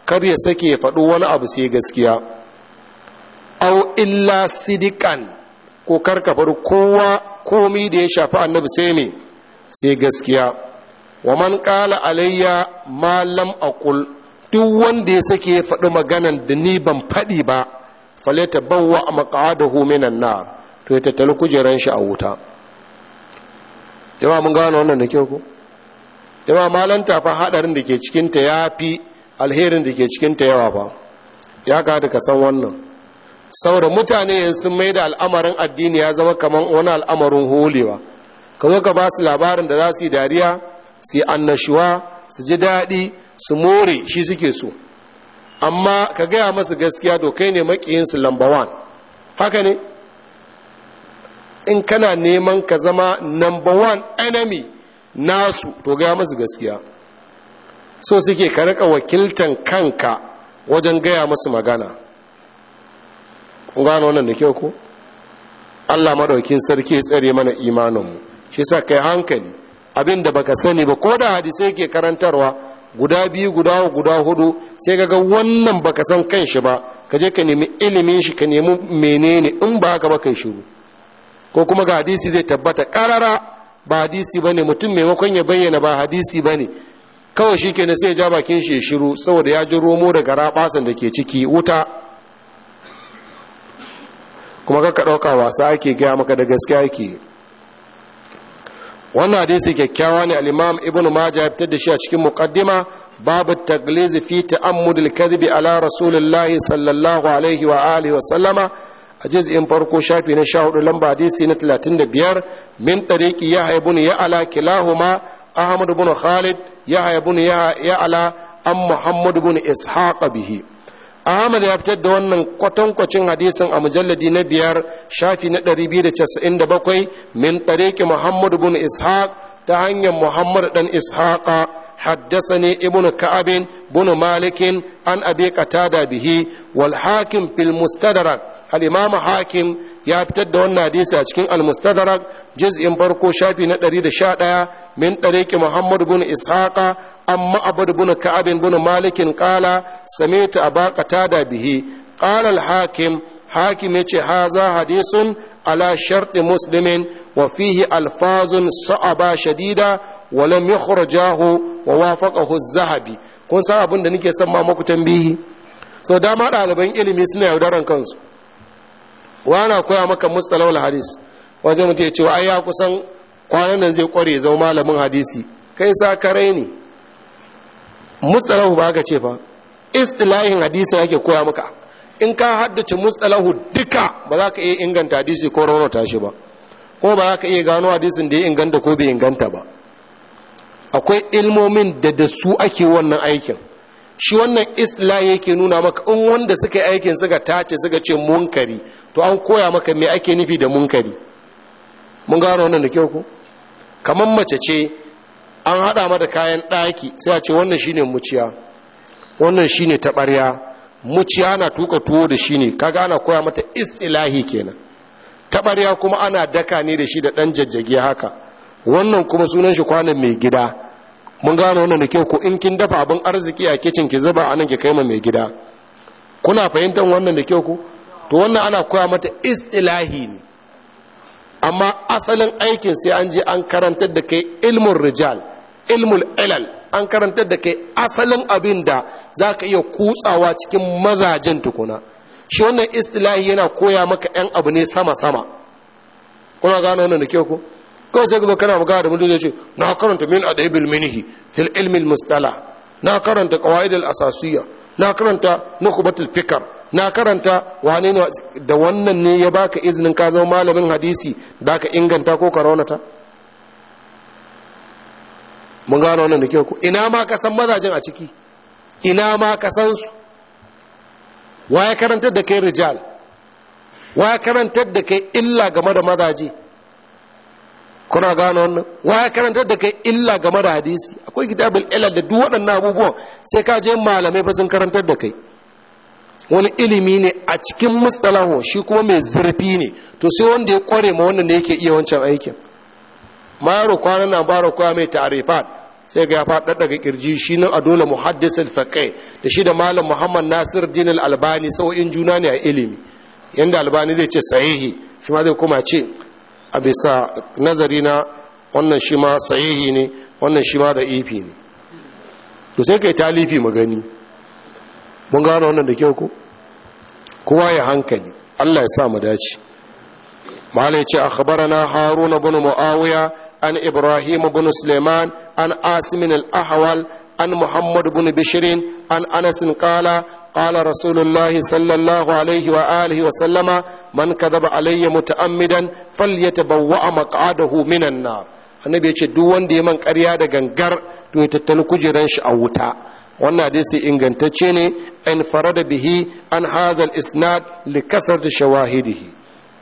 kar ya sake ya faɗo wani abu sai gaskiya au illa sidikan ko karkafar kowa komi da ya shafi annabi sai ne sai gaskiya wa man ƙala alayya ma lam aqul duk wanda ya sake ya faɗi maganan da ni ban faɗi ba falata bawa a maƙa'adahu minan na to ya tattali kujeran shi a wuta jama'a mun gano wannan da kyau ko jama'a malanta fa haɗarin da ke cikinta ya fi alherin da ke cikinta yawa ba ya kada ka san wannan saboda mutane sun mai da al'amarin addini ya zama kamar wani al'amarin holewa ka zo ka ba su labarin da za su yi dariya su yi annashuwa su ji daɗi su more shi suke so amma ka gaya masu gaskiya to kai ne lamba lambawan haka ne in kana neman ka zama lambawan enemy nasu to gaya masu gaskiya so suke ka rika wakiltan kanka wajen gaya masu magana kun gano wannan da kyau ko Allah madaukin sarki ya tsare mana imaninmu shi sa kai hankali abin da baka sani ba ko da hadisai ke karantarwa guda biyu guda guda hudu sai kaga wannan baka san kan shi ba ka je ka nemi ilimin shi ka nemi menene in ba haka ba kai shiru ko kuma ga hadisi zai tabbata karara ba hadisi bane mutum maimakon ya bayyana ba hadisi bane kawai shi kenan sai ya ja bakin shi ya shiru saboda ya ji romo daga rabasan da ke ciki wuta kuma ka ɗauka wasa ake gaya maka da gaskiya ake wannan hadisi kyakkyawa ne al-imam ibnu majah ya fitar da shi a cikin muqaddima babu tagliz fi ta'ammud al-kadhib ala rasulillah sallallahu alaihi wa alihi wa sallama a juz'in farko shafi na 14 lamba hadisi na 35 min tariqi yahya ibn ya'la kilahuma ahmad ibn khalid yahya ibn ya'la am muhammad ibn ishaq bihi Ahmad ya fitar da wannan kwatankwacin hadisin a mujalladi na biyar shafi na ɗari biyu da casa'in da bakwai min ki Muhammad bin Ishaq ta hanyar Muhammad ɗan Ishaqa haddasa ne Ibn Ka'abin bin Malikin an abe ƙata da bihi wal hakim fil mustadrak al-imam hakim ya fitar da wannan hadisi a cikin al-mustadrak juz'in farko shafi na 111 min tariqi muhammad bin ishaqa amma abd bin ka'ab ibn malik qala sami'tu aba qatada bihi qala al-hakim hakim yace haza hadisun ala sharti muslimin wa fihi alfazun sa'aba shadida wa lam yukhrajahu wa wafaqahu az-zahabi kun san abin da nake son ma muku tambihi so dama ɗaliban ilimi suna yaudaran kansu Wa ana koya maka mustalawul hadis zai mutum ya ce ai ya kusan kwanan nan zai kware zama malamin hadisi kai sa karai ne mustalahu ba ka ce fa istilahin hadisi ake koya maka in ka haddace mustalahu duka ba za ka iya inganta hadisi ko raunata shi ba ko ba za ka iya gano hadisin da ya inganta ko bai inganta ba akwai ilmomin da da su ake wannan aikin shi wannan isla yake nuna maka in wanda suka yi aikin suka tace suka ce munkari to an koya maka me ake nufi da munkari mun gano wannan da kyau ko kamar mace ce an hada mata kayan daki sai a ce wannan shine muciya wannan shine tabarya muciya na tuka tuwo da shine kaga ana koya mata istilahi kenan tabarya kuma ana daka ne da shi da dan jajjage haka wannan kuma sunan shi kwanan mai gida mun gano wannan da kyau ko in kin dafa abin arziki a kicin ki zuba anan ki kaima mai gida kuna fahimtar wannan da kyau ko to wannan ana koya mata istilahi ne amma asalin aikin sai an je an karantar da kai ilmul rijal ilmul ilal an karantar da kai asalin abin da za ka iya kutsawa cikin mazajen tukuna shi wannan istilahi yana koya maka 'yan abu ne sama-sama kuna gano wannan da kyau ku kawai sai ka zo kana magana da mutum zai ce na karanta min adabil minhi fil ilmi mustala na karanta qawaid al asasiyya na karanta nukhbatul fikr na karanta wane ne da wannan ne ya baka izinin ka zama malamin hadisi da ka inganta ko ka raunata mun gano wannan da kyau ko ina ma ka san mazajin a ciki ina ma ka san su wa ya karantar da kai rijal wa ya karantar da kai illa game da mazaje kuna gano wannan waya karanta da kai illa game da hadisi akwai kitabul ilal da duk waɗannan abubuwan sai ka je malamai fa sun karantar da kai wani ilimi ne a cikin mustalahu shi kuma mai zurfi ne to sai wanda ya kware ma wannan da yake iya wancan aikin maro kwanan na baro kwa mai ta'rifat sai ga ya faɗa daga kirji shi nan a dole muhaddis al-faqih da shi da malam muhammad nasir din al-albani sau'in juna ne a ilimi yanda albani zai ce sahihi shi ma zai kuma ce a bisa nazari na wannan shi ma sahihi ne wannan shi ma da ifi ne to sai kai talifi magani mun gano wannan da kyau ku, kowa ya hankali Allah ya sa mu dace malai ce akhbarana haruna bin muawiya an ibrahim bin sulaiman an asim al-ahwal an muhammad bin bishirin an anasin kala kala rasulullahi sallallahu alaihi wa alihi wa sallama man kadaba alayya muta'ammidan falyatabawwa maq'adahu minan nar annabi ce duk wanda ya man ƙarya da gangar to ya tattali kujeran shi a wuta wannan sai ingantacce ne an da bihi an hazal isnad li da shawahidihi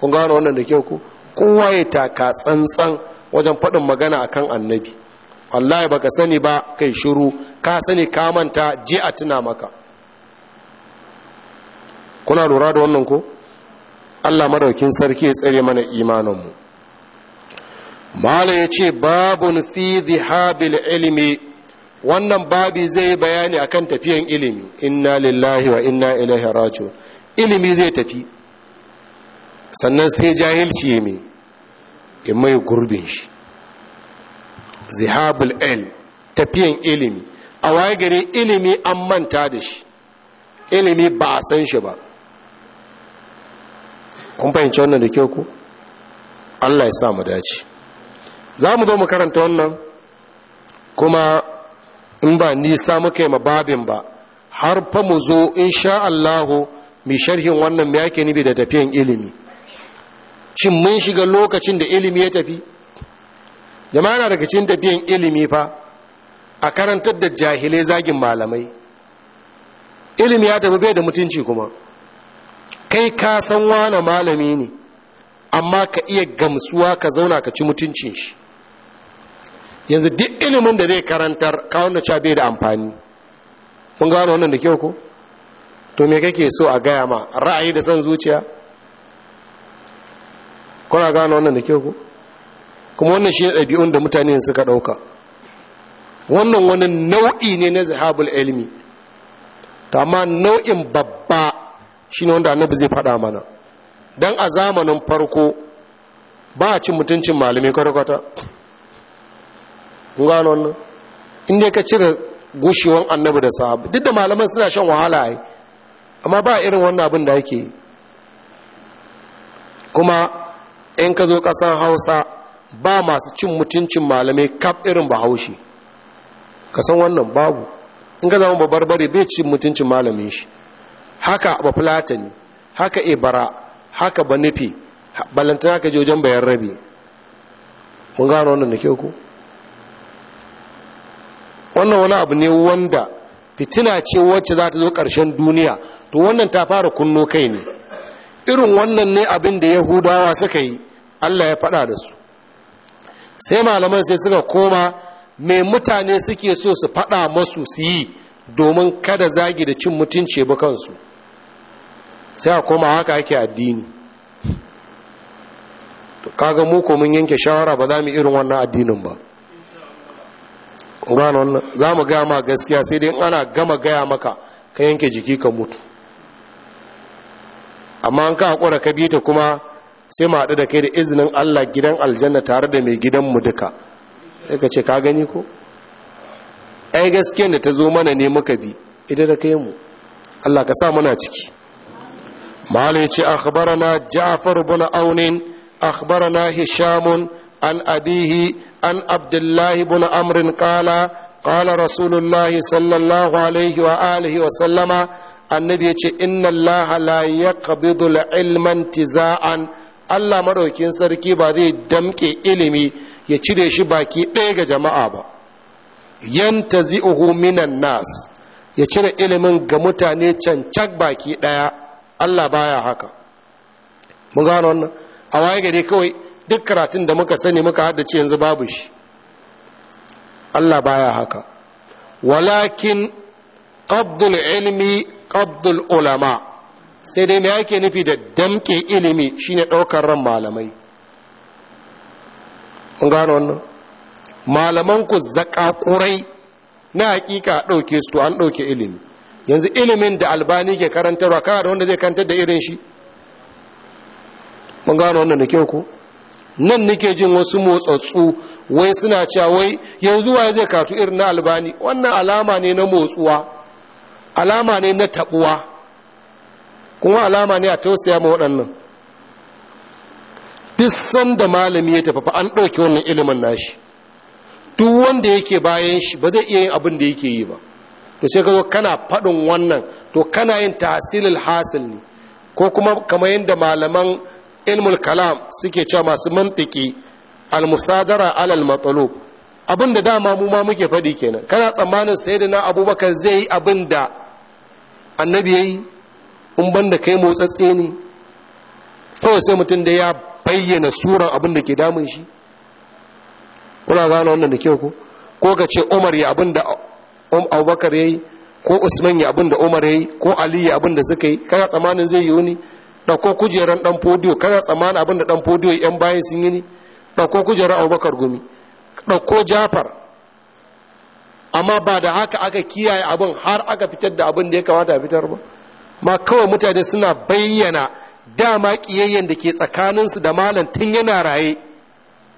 kun gano wannan da kyau ku kowa ya taka tsantsan wajen faɗin magana akan annabi wallahi baka sani ba kai shiru ka sani ka manta je a tuna maka kuna lura da wannan ko Allah madaukin sarki ya tsare mana imaninmu mala ya ce babun fi zihabil ilimi wannan babi zai bayani akan tafiyan ilimi inna lillahi wa inna ilaihi raji'un ilimi zai tafi sannan sai jahilci ya in mai gurbin shi zihabul ilm tafiyan ilimi a waye gari ilimi an manta da shi ilimi ba a san shi ba kun fahimci wannan da kyau ku allah ya sa mu dace za mu zo mu karanta wannan kuma in ba nisa muka yi babin ba har fa mu zo in sha allahu mai sharhin wannan mai yake nibi da tafiyan ilimi shin mun shiga lokacin da ilimi ya tafi jama'a yana daga cikin tafiyan ilimi fa a karantar da jahilai zagin malamai ilimi ya tafi bai da mutunci kuma kai ka san wane malami ne amma ka iya gamsuwa ka zauna ka ci mutuncin shi yanzu duk ilimin da zai karantar kawon da cha bai da amfani mun gano wannan da kyau ko to me kake so a gaya ma ra'ayi da son zuciya kuna gano wannan da kyau ko kuma wannan shi ne ɗabi'un da mutane suka ɗauka wannan wani nau'i ne na zihabul ilmi to amma nau'in babba shi ne wanda annabi zai faɗa mana don a zamanin farko ba a cin mutuncin malamai kwarkwata kun gano wannan inda ka cire gushewan annabi da sahabu duk da malaman suna shan wahala ai amma ba irin wannan abin da ake yi kuma in ka zo kasan hausa ba masu cin mutuncin malamai kaf irin bahaushe ka san wannan babu in ka zama babarbare bai cin mutuncin malamin shi haka ba fulatani haka ibara haka ba nufi balantana haka je wajen bayan rabi mun gano wannan da kyau ku wannan wani abu ne wanda fitina ce wacce za ta zo ƙarshen duniya to wannan ta fara kunno kai ne irin wannan ne abin da yahudawa suka yi allah ya faɗa da su sai malaman sai suka koma mai mutane suke so su faɗa masu su yi domin kada zagi da cin mutunci ba kansu sai a koma haka ake addini To kaga mu ko mun yanke shawara ba za mu irin wannan addinin ba gano wannan za mu gaya ma gaskiya sai dai ana gama gaya maka ka yanke jiki ka mutu amma an ka haƙura ka bi ta kuma sai mu haɗu da kai da izinin Allah gidan aljanna tare da mai mu duka sai ka ce ka gani ko ai gaskiyar da ta zo mana ne muka bi idan da kai mu Allah ka sa muna ciki mala ya ce akhbarana ja'far ibn aunin akhbarana hisham an abihi an abdullahi ibn amr qala alaihi wa alihi wa sallama annabi ya ce inna إن la yaqbidu al ilma intiza'an Allah maɗaukin sarki ba zai damke ilimi ya cire shi baki ɗaya ga jama'a ba yanta zi'uhu minan nas ya cire ilimin ga mutane cancak baki ɗaya Allah baya haka Mu gano wannan a waye gare kawai duk karatun da muka sani muka ce yanzu babu shi Allah baya haka walakin qabdul ilmi qabdul ulama' sai dai me ake nufi da damke ilimi shine ɗaukar ran malamai kun gano wannan malaman ku zakakurai na hakika ɗauke su to an ɗauke ilimi yanzu ilimin da albani ke karantarwa kana da wanda zai karantar da irin shi mun gano wannan da kyau ku. nan nake jin wasu motsatsu wai suna cewa wai yanzu waye zai katu irin na albani wannan alama ne na motsuwa alama ne na tabuwa kuma alama ne a tausaya ma waɗannan duk sanda malami ya tafafa an ɗauki wannan ilimin nashi duk wanda yake bayan shi ba zai iya yin abin da yake yi ba to sai ka zo kana faɗin wannan to kana yin tasirin hasil ne ko kuma kamar yadda malaman ilmul kalam suke cewa masu mantiki almusadara alal matsalo abin da dama mu ma muke faɗi kenan kana tsammanin da na abubakar zai yi abin da annabi ya yi in banda kai motsa ne kawai sai mutum da ya bayyana suran abin da ke damun shi kuna gane wannan da kyau ko ko ka ce umar ya abin da abubakar ya yi ko usman ya abin da umar ya yi ko ali ya abin da suka yi kana tsamanin zai yi ni ɗauko kujeran ɗan fodiyo kana tsamanin abin da ɗan yan bayan sun yi ni ɗauko kujeran abubakar gumi ɗauko jafar amma ba da haka aka kiyaye abin har aka fitar da abin da ya kamata a fitar ba ma kawai mutane suna bayyana dama ƙiyayyen da ke tsakaninsu da malam tun yana raye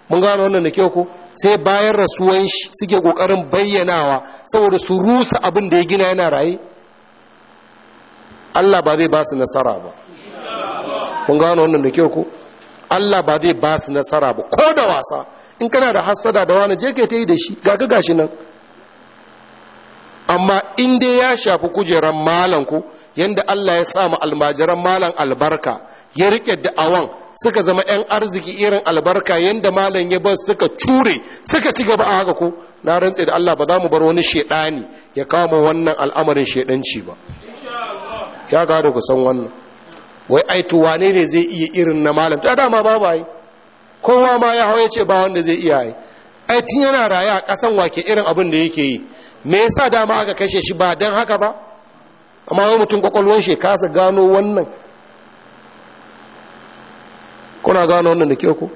mun gano wannan da kyau ko sai bayan rasuwan shi suke ƙoƙarin bayyanawa saboda su rusa abin da ya gina yana raye Allah ba zai ba su nasara ba mun gano wannan da kyau ko Allah ba zai ba su nasara ba ko da wasa in kana da hassada da wani je ka ta yi da shi ga gashi nan amma in dai ya shafi kujeran malanku, ku Allah ya sa almajiran malam albarka ya rike da'awan suka zama yan arziki irin albarka yadda malam ya bar suka cure suka ci gaba a haka ku? na rantse da Allah ba za mu bar wani shaidani ya kama wannan al'amarin shaidanci ba ya gado ku san wannan wai aitu wane ne zai iya irin na malam ta dama babu yi. kowa ma ya hawo ya ce ba wanda zai iya yi ai tun yana raye a kasan wake irin abin da yake yi me yasa dama aka kashe shi ba dan haka ba amma wani mutum kwakwalwan shi kasa gano wannan kuna gano wannan da ke ku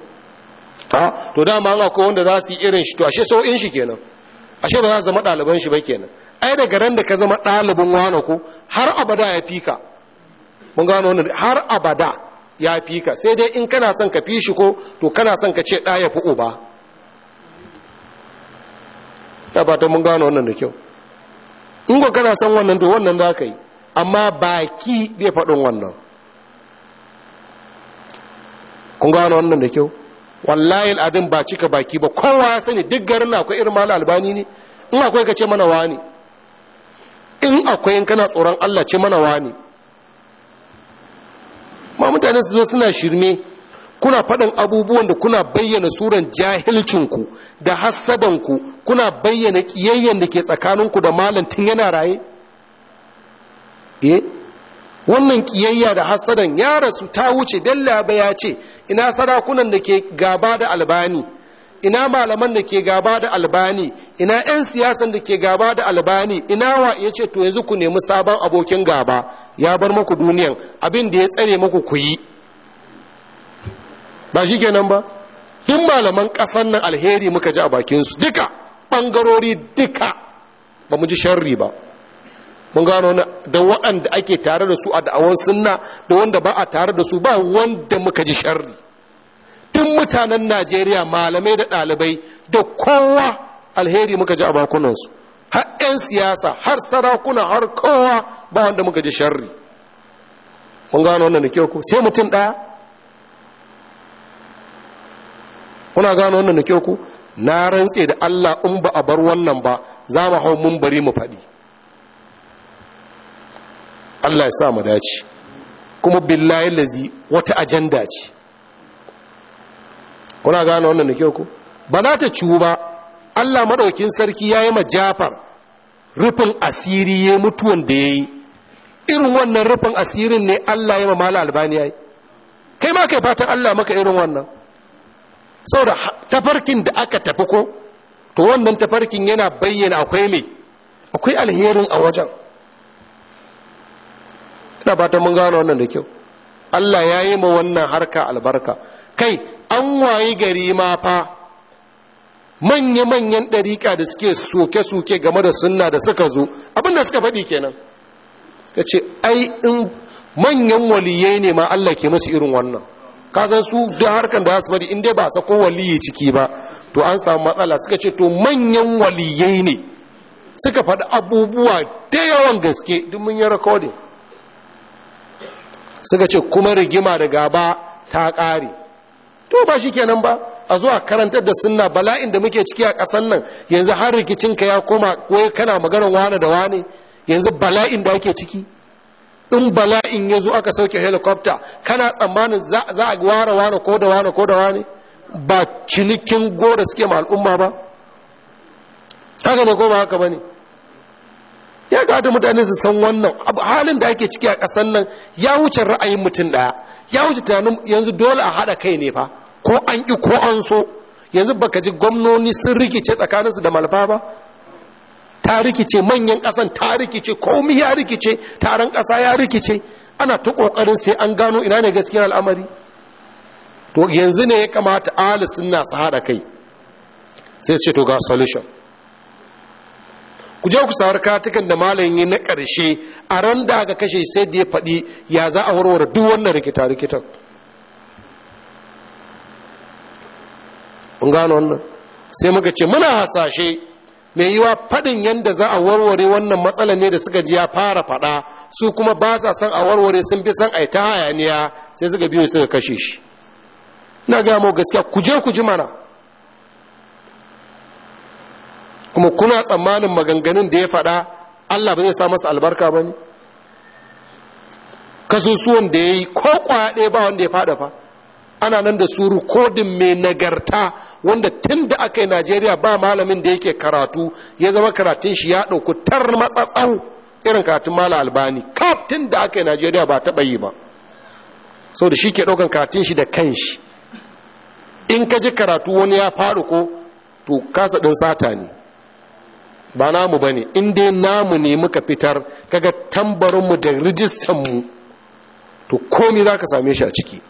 ha to dama an akwai wanda za su yi irin shi to ashe so in shi kenan ashe ba za su zama ɗaliban shi ba kenan ai daga ran da ka zama ɗalibin wani ko har abada ya fi ka mun gano wannan har abada ya fi ka sai dai in kana son ka fi shi ko to kana son ka ce ɗaya fi uba ta ba ta mun gano wannan da kyau in ko kana san wannan to wannan za ka yi amma baki bai faɗin wannan kun gano wannan da kyau wallahi al'adun ba cika baki ba kowa ya sani duk garin akwai irin mala albani ne in akwai ka ce mana wani in akwai in kana tsoron allah ce mana wani ma mutane su zo suna shirme kuna faɗin abubuwan da kuna bayyana suran jahilcinku da hassadanku kuna bayyana ƙiyayyen da ke tsakaninku da malam yana raye eh wannan ƙiyayya da hassadan ya rasu ta wuce dallaba ya ce ina sarakunan da ke gaba da albani ina malaman da ke gaba da albani ina 'yan siyasan da ke gaba da albani ina wa ya ce to yanzu ku nemi sabon abokin gaba ya bar maku duniyan abin da ya tsare maku ku yi ba shi kenan ba duk malaman ƙasan nan alheri muka ji a bakinsu duka bangarori duka ba mu ji sharri ba mun gano da waɗanda ake tare da su a da'awar sunna da wanda ba a tare da su ba wanda muka ji sharri duk mutanen najeriya malamai da ɗalibai da kowa alheri muka ji a bakunansu har 'yan siyasa har sarakuna har kowa ba wanda muka ji sharri mun gano wannan da kyau ko sai mutum ɗaya kuna gano wannan da kyau ku na rantse da Allah in ba a bar wannan ba za mu hau mun bari mu faɗi Allah ya sa mu dace kuma billahi lazi wata ajanda ce kuna gano wannan da kyau ku ba za ta ciwu ba Allah madaukin sarki ya yi jafar rufin asiri ya mutuwan da ya yi irin wannan rufin asirin ne Allah ya ma mamala albaniya kai ma kai fatan Allah maka irin wannan saboda tafarkin da aka tafi ko to wannan tafarkin yana bayyana akwai mai akwai alherin a wajen ina ta mun gano wannan da kyau Allah ya yi ma wannan harka albarka kai an wayi gari ma fa manya-manyan ɗariƙa da suke soke-soke game da sunna da suka zo abin da suka faɗi kenan ka ce ai in manyan waliyai ne ma Allah ke musu irin wannan ka san su duk harkar da su bari in dai ba sako waliyi ciki ba to an samu matsala suka ce to manyan waliyai ne suka faɗi abubuwa da yawan gaske duk mun yi rikodin suka ce kuma rigima da gaba ta ƙare to ba shi kenan ba a zuwa karantar da sunna bala'in da muke ciki a ƙasan nan yanzu har rikicinka ya koma wai kana maganar wane da wane yanzu bala'in da ake ciki in bala'in ya zo aka sauke helicopter kana tsammanin za a ware wane ko da wane ko da wane ba cinikin gora suke ma al'umma ba haka ne ko ba haka ba ne ya da mutane su san wannan halin da ake ciki a ƙasar nan ya wuce ra'ayin mutum ɗaya ya wuce tunanin yanzu dole a haɗa kai ne fa ko an ƙi ko an so yanzu baka ji gwamnoni sun rikice tsakaninsu da malfa ba ta rikice manyan ƙasan ta rikice komi ya rikice taron ƙasa ya rikice ana ta ƙoƙarin sai an gano ina ne gaskiyar al'amari to yanzu ne ya kamata ahli na su haɗa kai sai su ce to ga solution ku je ku sawar katukan da malayin yi na ƙarshe a ran da aka kashe sai da ya faɗi ya za a warware duk wannan rikita rikitan kun gano wannan sai muka ce muna hasashe mai yiwa faɗin yadda za a warware wannan matsala ne da suka ji ya fara faɗa su kuma ba sa son a warware sun fi san a ta hayaniya sai suka biyo suka kashe shi na mu gaskiya kuje ku ji mana kuma kuna tsammanin maganganun da ya faɗa allah ba zai sa masa albarka ba ne kasusuwan da ya yi ko ɗaya ba wanda ya faɗa fa ana nan da su rikodin mai nagarta wanda tun da aka yi najeriya ba malamin da yake karatu ya zama karatun shi ya ɗauku tar matsatsau irin karatun mala albani kaftin da aka yi najeriya ba taɓa yi ba sau da shi ke ɗaukan karatun shi da kan shi in ka ji karatu wani ya faru ko to kasa ɗin sata ne ba namu ba ne in dai namu ne muka fitar kaga tambarinmu da rijistan mu to komi za ka same shi a ciki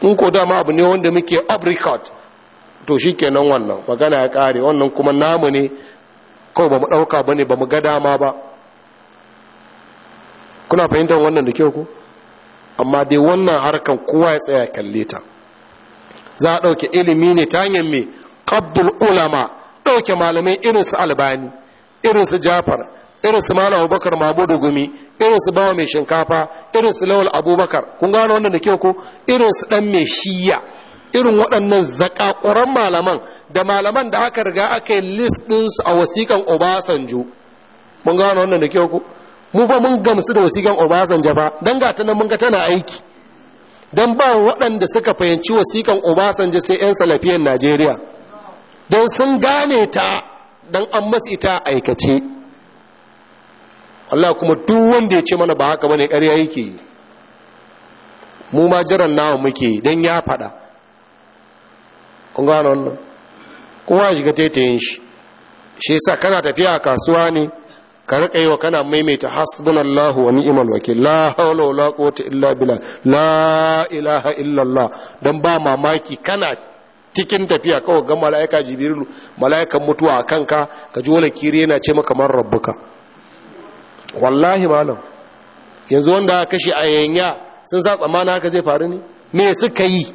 in ko dama abu ne wanda muke apricot to shi kenan wannan magana ya kare wannan kuma namu ne kawai ba mu ɗauka ba ne ba mu ga dama ba kuna fahimtar wannan da kyau ku amma dai wannan harkan kowa ya tsaya kalle ta za a ɗauke ilimi ne ta hanyar mai kabbul ulama ɗauke malamai irinsu albani irinsu jafar irin su malam abubakar da gumi irin su bawa mai shinkafa irin su lawal abubakar kun gano wannan da kyau ko irin su dan mai shiya irin waɗannan zakakuran malaman da malaman da aka riga aka yi list ɗinsu a wasiƙan obasanjo mun gano wannan da kyau ko mu fa mun gamsu da wasiƙan obasanjo ba dan ga ta nan mun ga tana aiki dan ba waɗanda suka fahimci wasiƙan obasanjo sai 'yan salafiyan najeriya don sun gane ta don an masu ita aikace Allah kuma duk wanda ya ce mana ba haka bane ƙarya yake yi mu ma jiran nawa muke dan ya faɗa kun gano wannan kuma ya shiga taitayin shi shi yasa kana tafiya a kasuwa ne ka riƙe yi wa kana maimaita hasbunallahu wa ni'mal wakil la hawla wala quwwata illa billah la ilaha illa Allah dan ba mamaki kana cikin tafiya kawai ga mala'ika jibrilu mala'ikan mutuwa a kanka ka ji wala kiri yana ce maka man rabbuka wallahi malam yanzu wanda aka kashe a yanya sun sa tsammanin haka zai faru ne me suka yi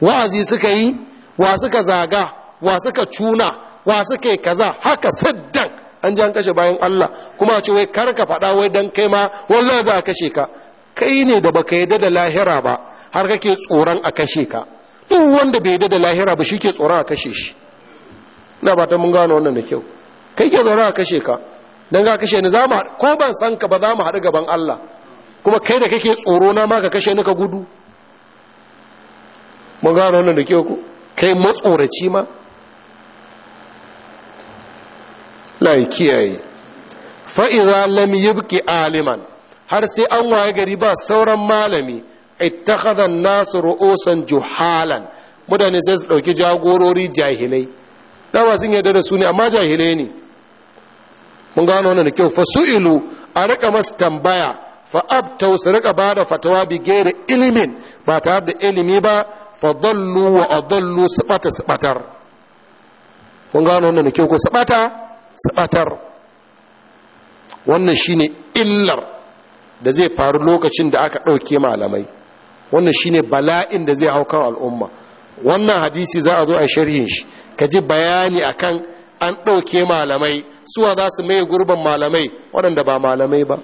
wa'azi suka yi wa suka zaga wa suka cuna wa suka yi kaza haka saddan an ji an kashe bayan Allah kuma ce wai kar ka faɗa wai dan kai ma wallahi za a kashe ka kai ne da baka yadda da lahira ba har kake tsoron a kashe ka duk wanda bai yadda da lahira ba shi ke tsoron a kashe shi ina ba ta mun gano wannan da kyau kai ke tsoron a kashe ka don ka kashe ni za mu ko ban san ka ba za mu haɗu gaban Allah kuma kai da kake tsoro na ma ka kashe ni ka gudu mun gano wannan da ke ku kai matsoraci ma lai kiyaye fa idza lam yubqi aliman har sai an waye gari ba sauran malami ittakhadha an-nasu ru'usan juhalan mutane sai su dauki jagorori jahilai da sun yarda da su ne amma jahilai ne mun gano wannan da kyau fasu'ilu a rika masu tambaya fa fa'abtau su rika ba da fatawa bi gere ilimin ba tare da ilimi ba fa dallu wa adallu su bata su batar mun gano wannan da kyau ko su bata su batar wannan shine illar da zai faru lokacin da aka ɗauke malamai wannan shine bala'in da zai hau kan al'umma wannan hadisi za a zo a sharhin shi ka ji bayani akan an ɗauke malamai suwa za su mai gurbin malamai waɗanda ba malamai ba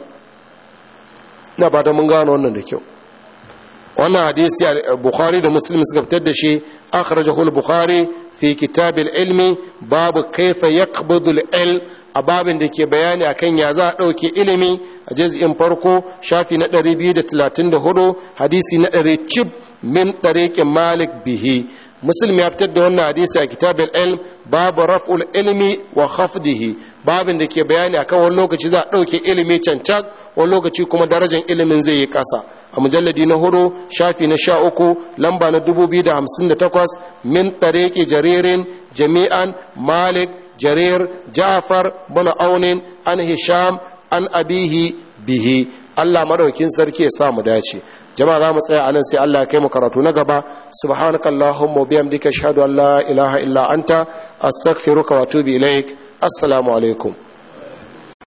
na ba ta mun gano wannan da kyau wannan hadisi bukhari da muslim suka fitar da shi akhrajahu hul bukhari fi kitabil ilmi babu kaifa ya a babin da ke bayani akan ya za a ɗauke ilimi a juz'in farko shafi na 234 hadisi na 100 cib min ɗariƙin malik bihi muslim ya fitar da wannan hadisi a kitabul ilm babu raf'ul ilmi wa khafdihi babin da ke bayani akan wani lokaci za a ɗauke ilimi can-can wani lokaci kuma darajar ilimin zai yi ƙasa a mujalladi na hudu shafi na sha uku lamba na dubu biyu da hamsin da takwas min tariki jaririn jami'an malik jarir ja'far bana aunin an hisham an abihi bihi allah maɗaukin sarki ya sa mu dace jama'a za mu tsaya anan sai Allah ya kai mu karatu na gaba subhanakallahumma wa bihamdika ashhadu an la ilaha illa anta astaghfiruka wa atubu ilaik assalamu alaikum